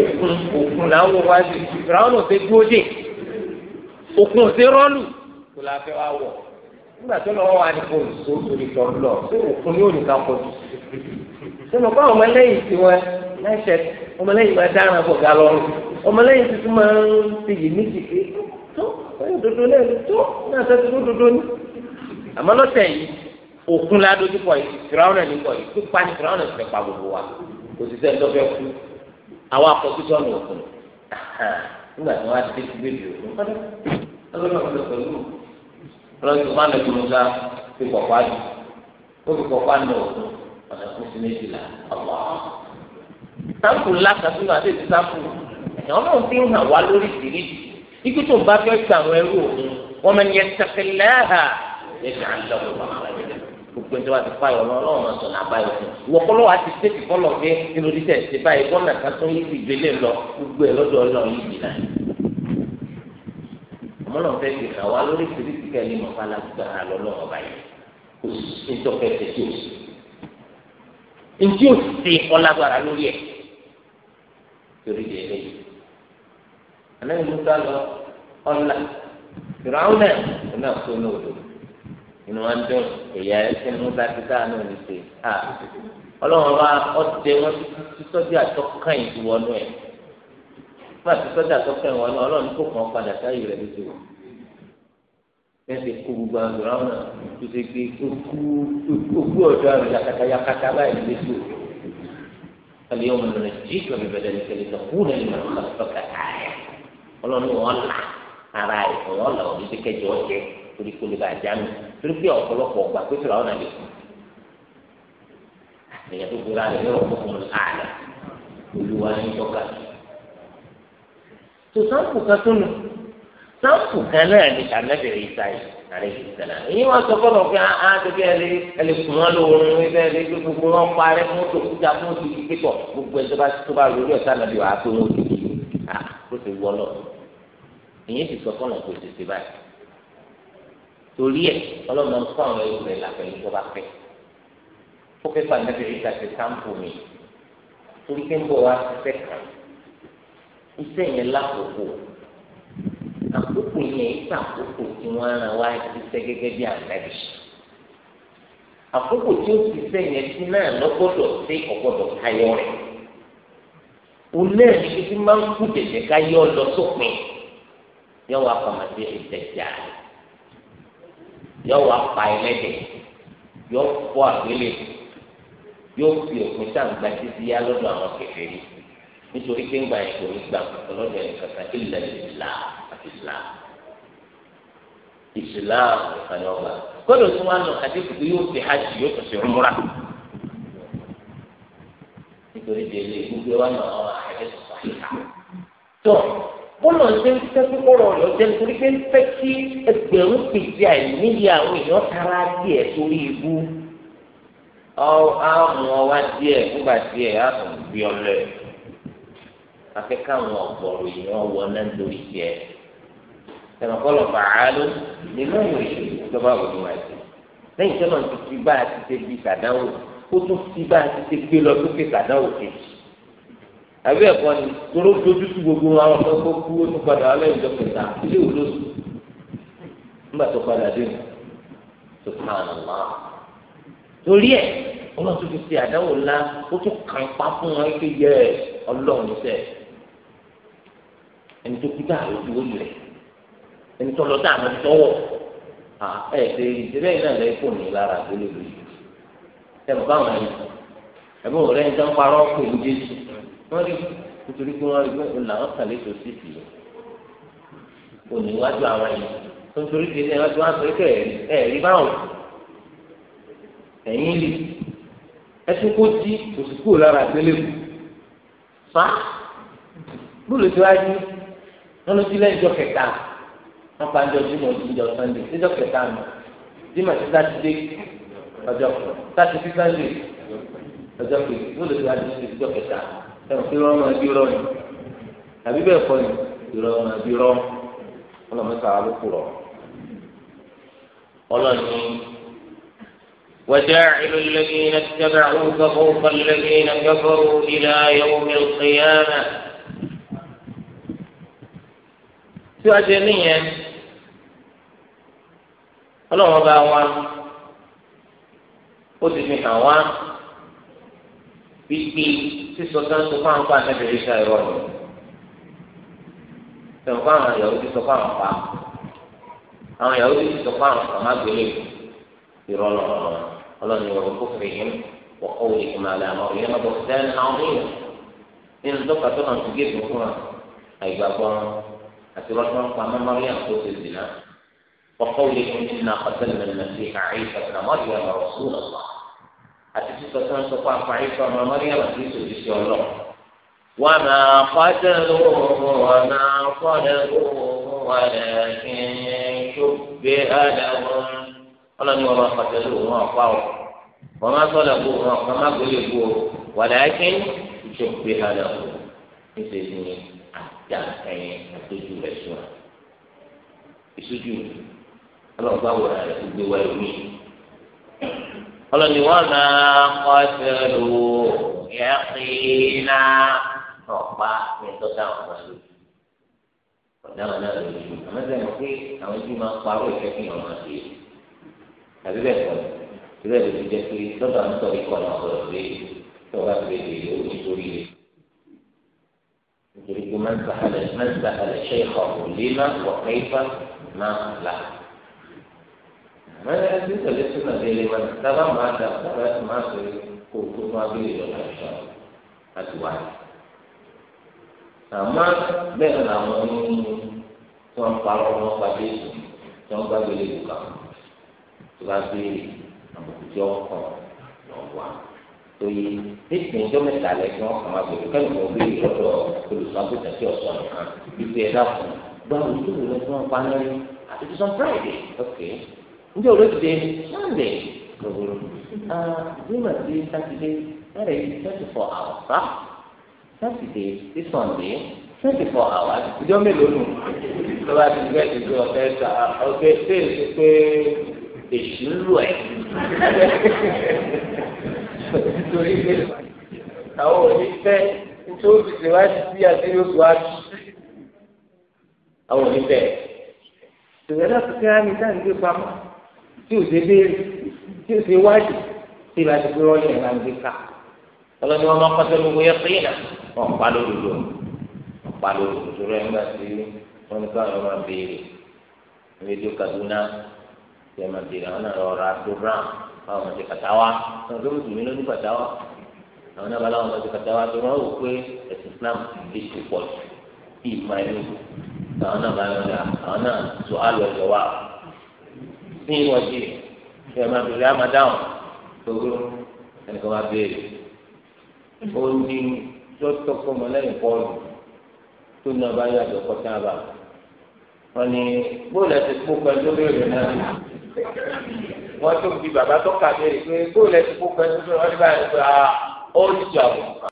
òkun òkun là ń wọ wá sí ìfìràwọn ò ṣe dúró dé òkun ò ṣe rọ́ọ̀lù kó la fẹ́ wá wọ̀ nígbà tó lọ́wọ́ wa ni kò so torí tọ́ lọ tó òkun yóò nìkan pọ̀ jù sọ́nà bá ọmọlẹ́yìn ti wọn lẹ́sẹ̀ ọmọlẹ́yìn máa dáràn bọ̀ ga lọ́rùn ọmọlẹ́yìn tuntun máa ń ti yìí ní jìkì tó òdodo náà tó náà sẹ́tù òdodo ni àmọ́ lọ́tẹ̀ yìí òkun la dojú kọ yìí fìràwọnà ní kọ yìí pípa ní fìràwọnà ti fẹ́ pa gbogbo wa kò sí sẹ́ni tó fẹ́ kú àwọn akọkútọ ní òkun nígbà tí wọn á ti gbé bi òkun kọdọ ọlọ́pàá ọlọ́pàá pẹ̀lú ọlọ́pàá tó máa ń lọkùnrin ká fi kọkọ àdùn ó fi kọkọ àdùn òkun ọ̀nà kún sí méjìlá ọ̀pọ̀. sáǹpù ńlá kan sínú àti ètò sáǹpù ẹ̀yàn náà fi ń hàn wá lórí ìdíríjì ikú tó ń bá fẹ́ gbà ẹrú òkun wọ́n mẹ́ni ẹ̀ gbogbo ẹni tó bá ti fáyọ ọlọ́run ọlọ́run máa sọnà àbáyọ fún wọn kọlọ wa ti tẹsí fọlọ pé nínú títẹ ti báyìí gbọmọ kan tó yí ti gbélé lọ gbogbo ẹ lọ́dọ̀ ọlọ́run yìí dìnnà ọmọlọ́run fẹẹ fi hàn wá lórí ìfìdísí kẹlẹ mọfà lágbára lọ́lọ́run ọba yìí kò sí ìtọkẹ tẹsí òsì ntí òsì ọlágbára lórí ẹ torí di eléyìí àná ìlú ká lọ ọlá ìràwọ̀ náà inú wa ń dùn èyí ẹsẹ ní musa ti sáà náà ní ṣe ha ọlọ́run wa ọdẹ wọn ti sọ́jà àtọ́kàn yìí wọnú ẹ̀ fún àti sọ́jà àtọ́kàn wọnú ọlọ́run kò kàn padà sáyé rẹ̀ lóṣù fẹsẹ̀ kó gbogbo àgbọ̀rán náà tó ṣe pé okú ọ̀dọ́ àrùn yakata yakata báyìí lóṣù اليوم ننجيك ببدنك لتكون لمن خلفك آية ọlọ́run wọn là ara ẹ̀ fọwọ́ là ọ̀ torí kò lè bá àjà mi torí pé ọ̀pọ̀lọpọ̀ ọgbà pé fìlà ọ̀nà lè kú èèyàn tó gbóra rẹ̀ yọ̀rọ̀ fún un àlà olúwa ní tọ́ka tó sáǹpù kan tó nù sáǹpù kan náà ní sàmẹ́bẹ̀rẹ̀ ìsáyì àlejò ìsẹ̀lá èyí wọ́n sọ fọ́nà pé á ah, tẹ́tẹ́ ah, ẹ lè ẹ lè kùn wọ́n lóorun ibẹ̀ lè gbé gbogbo wọn parẹ́ fún tó kúta fún tó kí pẹ́tọ̀ gbogbo ẹ̀ tó bá tó bá lórí ọ̀sán náà bí wàá pé wọ́n ti kí kó ti wọ́ lọ èyí ti sọ fọ́nà kó ti ti báyìí torí ẹ ọlọ́mọ ń kọ́ àwọn ẹrù rẹ̀ làpẹ̀lú tó bá fẹ́ ó fẹ́ pa nàbẹ̀ ríta ti sáǹpù mi torí pé ń bọ̀ wá ṣiṣẹ́ kan iṣẹ́ yẹn lákòókò àkókò yẹn ìta àkókò tí wọ́n rán wá ṣiṣẹ́ gẹ́gẹ́ bí ànábì àkókò tí ó ṣiṣẹ́ yẹn sí náà lọ́gbọ́dọ̀ sí ọ̀gbọ́dọ̀ káyọ̀ rẹ̀ òun náà ní kí máa ń kú tẹ̀tẹ̀ káyọ̀ lọ sópin yẹn wà pàmò sí ìtẹ̀jà yóò wá pa ẹlẹ́dẹ̀ yóò fọ́ àgbélé yóò fi òpin sàǹgbà títí yá lọ́dọ̀ àwọn kèfèrí nítorí pé ńgbà yẹn kò ní gbà kọ̀ọ̀kan lọ́dọ̀ yẹn kankan ilẹ̀ ìlà àti islam islam nìkan ni ọba kọ́dọ̀ tí wọ́n á lọ àdéhùn pé yóò fi hajj yóò tún sí rúmúrà nítorí délé gbogbo wa náà àwọn àdéhùn sàkíkà tó bọ́lọ̀ ṣe ń fẹ́ kókóró rẹ̀ ọ̀jẹ́ nítorí pé ń fẹ́ kí ẹgbẹ̀rún pèsè àìníyì àwọn èèyàn tara díẹ̀ sórí ibú àmú ọwá díẹ̀ nígbà díẹ̀ àmú bí ọlẹ́ akẹ́kọ̀ọ́ àwọn ọ̀gbọ̀rọ̀ èèyàn wọ náà lórí tiẹ̀ tẹnukọ́lọ̀ fàálù nínú ìròyìn ìjọba òní wa ti lẹ́yìn tẹ́lọ̀ ti fi bá a ti ṣe bí sàdáwò ó tún fi bá a ti ṣe gbé lọ sókè sàdáwò kejì àbí ẹ̀kọ́ ni tóró dojú sí gbogbo àwọn ọmọ ẹ̀kọ́ kú ó tún padà alẹ́ ìjọ kẹta ilé ìwúlò sùn nígbà tó padà dé nù tó kàn án lọ. torí ẹ̀ ọlọ́run tó fi ṣe àdáwò ńlá ó tún kàn pa fún wọn pé yẹ ọlọ́run níṣẹ́ ẹni tó kú dáa lójú ó lẹ̀ ẹni tó lọ dáa lọ sọ́wọ́ ẹ̀ ṣe ìṣẹ́lẹ̀ náà lẹ́yìn kò ní lára àgbélébùú ẹ̀ bọ̀ báwọn ẹ̀ ẹ̀ bọ̀ rẹ̀ ń tán parọ́ pẹ̀lú Jésù wọ́n rí nítorí pé wọ́n rí pé òun làwọn kàlẹ́ tó sì tì í òní wájú àwọn yìí tó ń torí pé ẹni wájú wọn sọ pé ẹ̀rí báwọn ẹ̀yìn lè ẹtún kó jí kò sì kúrò lára àgbélé kù fa bóòlù tó wá jí wọn ló ti lẹ́yìn ìjọ kẹta wọn pa ìjọ jùmọ̀ ìjọ sunday ìjọ kẹta nù jùmọ̀ sí sátidé ọjọ́ sátidé sunday ọjọ́ kejì yóò lè gba àdúgbò ìjọ kẹta ẹ̀rọ fi rọ́ọ̀mù ẹbí rọ́ọ̀mù àbí bẹ́ẹ̀ kọ́ ni ìrọ̀rùn ẹbí rọ́ọ̀mù ọlọ́mọta alókù rọ̀ ọlọ́ni وجاعل الذين اتبعوك فوق الذين كفروا إلى يوم القيامة síwájú ẹni yẹn ọlọ́run ọba wa ó wípé sísọ sáńsọ fún àwọn fún anábìrì sá ẹ̀rọ rẹ̀ sọ̀rọ̀ fún àwọn ìyàwó ti sọ fún àwọn pa àwọn ìyàwó ti sọ fún àwọn màmá gbélé ìrọ̀lọ́ ọlọ́ni ìwọ̀n kó fèrè yín wọ́n kọ́ wòlé ìmọ̀ àlẹ́ àmọ́ ìyẹn lọ́bọ̀ sẹ́ni àwọn míì nínú tọ́ka tó kàn sí géètì fún wa àìgbàgbọ́ àti lọ́sọ̀ ń pa mẹ́mọ́rí àti oṣù ìdìnnà wọ́n kọ́ wòlé ìmọ̀ àlẹ́ àmọ́ ìyẹn lọ́bọ̀ sẹ́ni àwọn míì àti sísọ tí na sọ fún àǹfààní fún ọmọ mọ́ríyàmù àti ìṣòro sí ọlọ. wọn máa kọjá lóhùn wọn máa kọjá lóhùn wọn lè kí n tó gbé àdàwọn. ọlọ́ni wọn máa kọjá lóhùn wọn pa ọ wọn máa sọ̀dọ̀ kó wọn kọ́ máa gbélé kó wọn lè kí n tó gbé àdàwọn. níṣẹ́ ni àjà ẹ̀yìn àtọ́jú rẹ̀ sùn. ìṣojú ọlọ́gbà wọ̀rọ̀ ọlọ́ni wọ́n máa kọ́sẹ̀lú yẹ́kìnà ọ̀pá nítọ́ta ọ̀pá lójú ọ̀dá wọn náà lójú àmọ́ sẹ́yìn mọ̀ pé àwọn ibi máa parọ́ ìfẹ́ kí wọ́n máa ṣe àbí bẹ́ẹ̀ kọ́ ìbẹ́ ló ti jẹ́ pé lọ́dọ̀ àwọn tọ́lí kọ́ náà ọ̀rọ̀ lé tó o bá ti lè lè o ní torí lé nítorí pé máa ń sàhálẹ̀ ṣe é kọ̀ kò lé má wɔ kẹ́yìfà má là. mẹ́rin ẹni tẹ̀lé súnà délé wọn sábà máa dà sábà tó máa sọ kó tó máa béèrè lọ́wọ́ ẹ̀ṣọ́ láti wá yìí. àmọ́ bẹ́ẹ̀ làwọn onímọ̀ tí wọ́n parọ́ wọn pàdé sùn tí wọ́n gbàgbé lè lùkà tó bá béèrè àbùkù tí wọ́n kàn lọ́wọ́ tó yé nítorí ìjọ mẹ́ta lẹ́sìn wọn kàn máa béèrè kẹ́lẹ́ mọ̀ béèrè lọ́dọ̀ olùsọ́gbọ̀tà tí ọ̀sán nìkan ìgbé ẹ̀dá fún un gbàgbé tó wù lọ́sọ̀ wọn pa náà àti tó sọ njẹ́ olóṣèlú sànńdé ah, nígbà tí sátidé ẹ̀rẹ̀ yìí twenty four hours rà sátidé sí sànńdé twenty four hours ìjọ mélòó nù lọ́wọ́ àti ìgbẹ́ ti gbé ọ̀fẹ́ sà ọ̀fẹ́ fèsì pé èṣù lù ẹ̀ torí pé àwọn òní fẹ́ nítorí òbí wá sí àti yóò wá àwọn òní fẹ́ tòwẹ́lá tó kẹ́ra ní sáà ń gbé pamọ́ tí ò ṣe béèrè tí ò ṣe wájú tí ìbá ti pé wọ́n yẹ̀ máa ń gbé ká ọlọ́ni wọn máa kọ́sẹ́ gbogbo yẹ pé yìnyà wọn pa lódodo wọn pa lódodo tó rẹ nígbà tí wọn ní káwọn máa béèrè rédíò Kaduna yẹ máa béèrè àwọn náà lọ ra program àwọn ọmọdé kàtàwá àwọn tó ń tù mí lónìí kàtàwá àwọn náà bá láwọn ọmọdé kàtàwá tó wọn wò pé Islam lè ṣe pọ̀ jù ìmọ̀ ẹ̀mí àwọn náà bá yọ̀ dà àwọn náà ní ìwọ̀dí ìfẹ́ máa bèrè á máa dáhùn gbogbo ẹnìkan máa bèrè ó ní lọ́tọ́ kọ́mọ lẹ́yìn pọ́ọ̀lù tó ní ọba yàtọ̀ kọ́tà bá wọn ni bóòlù ẹsẹ̀ kó pẹ̀lú bèrè náà wọ́n tó bi bàbá tó kà bèrè pé bóòlù ẹsẹ̀ kó pẹ̀lú bèrè wọ́n ti bá pé ó ní ìjà òkú.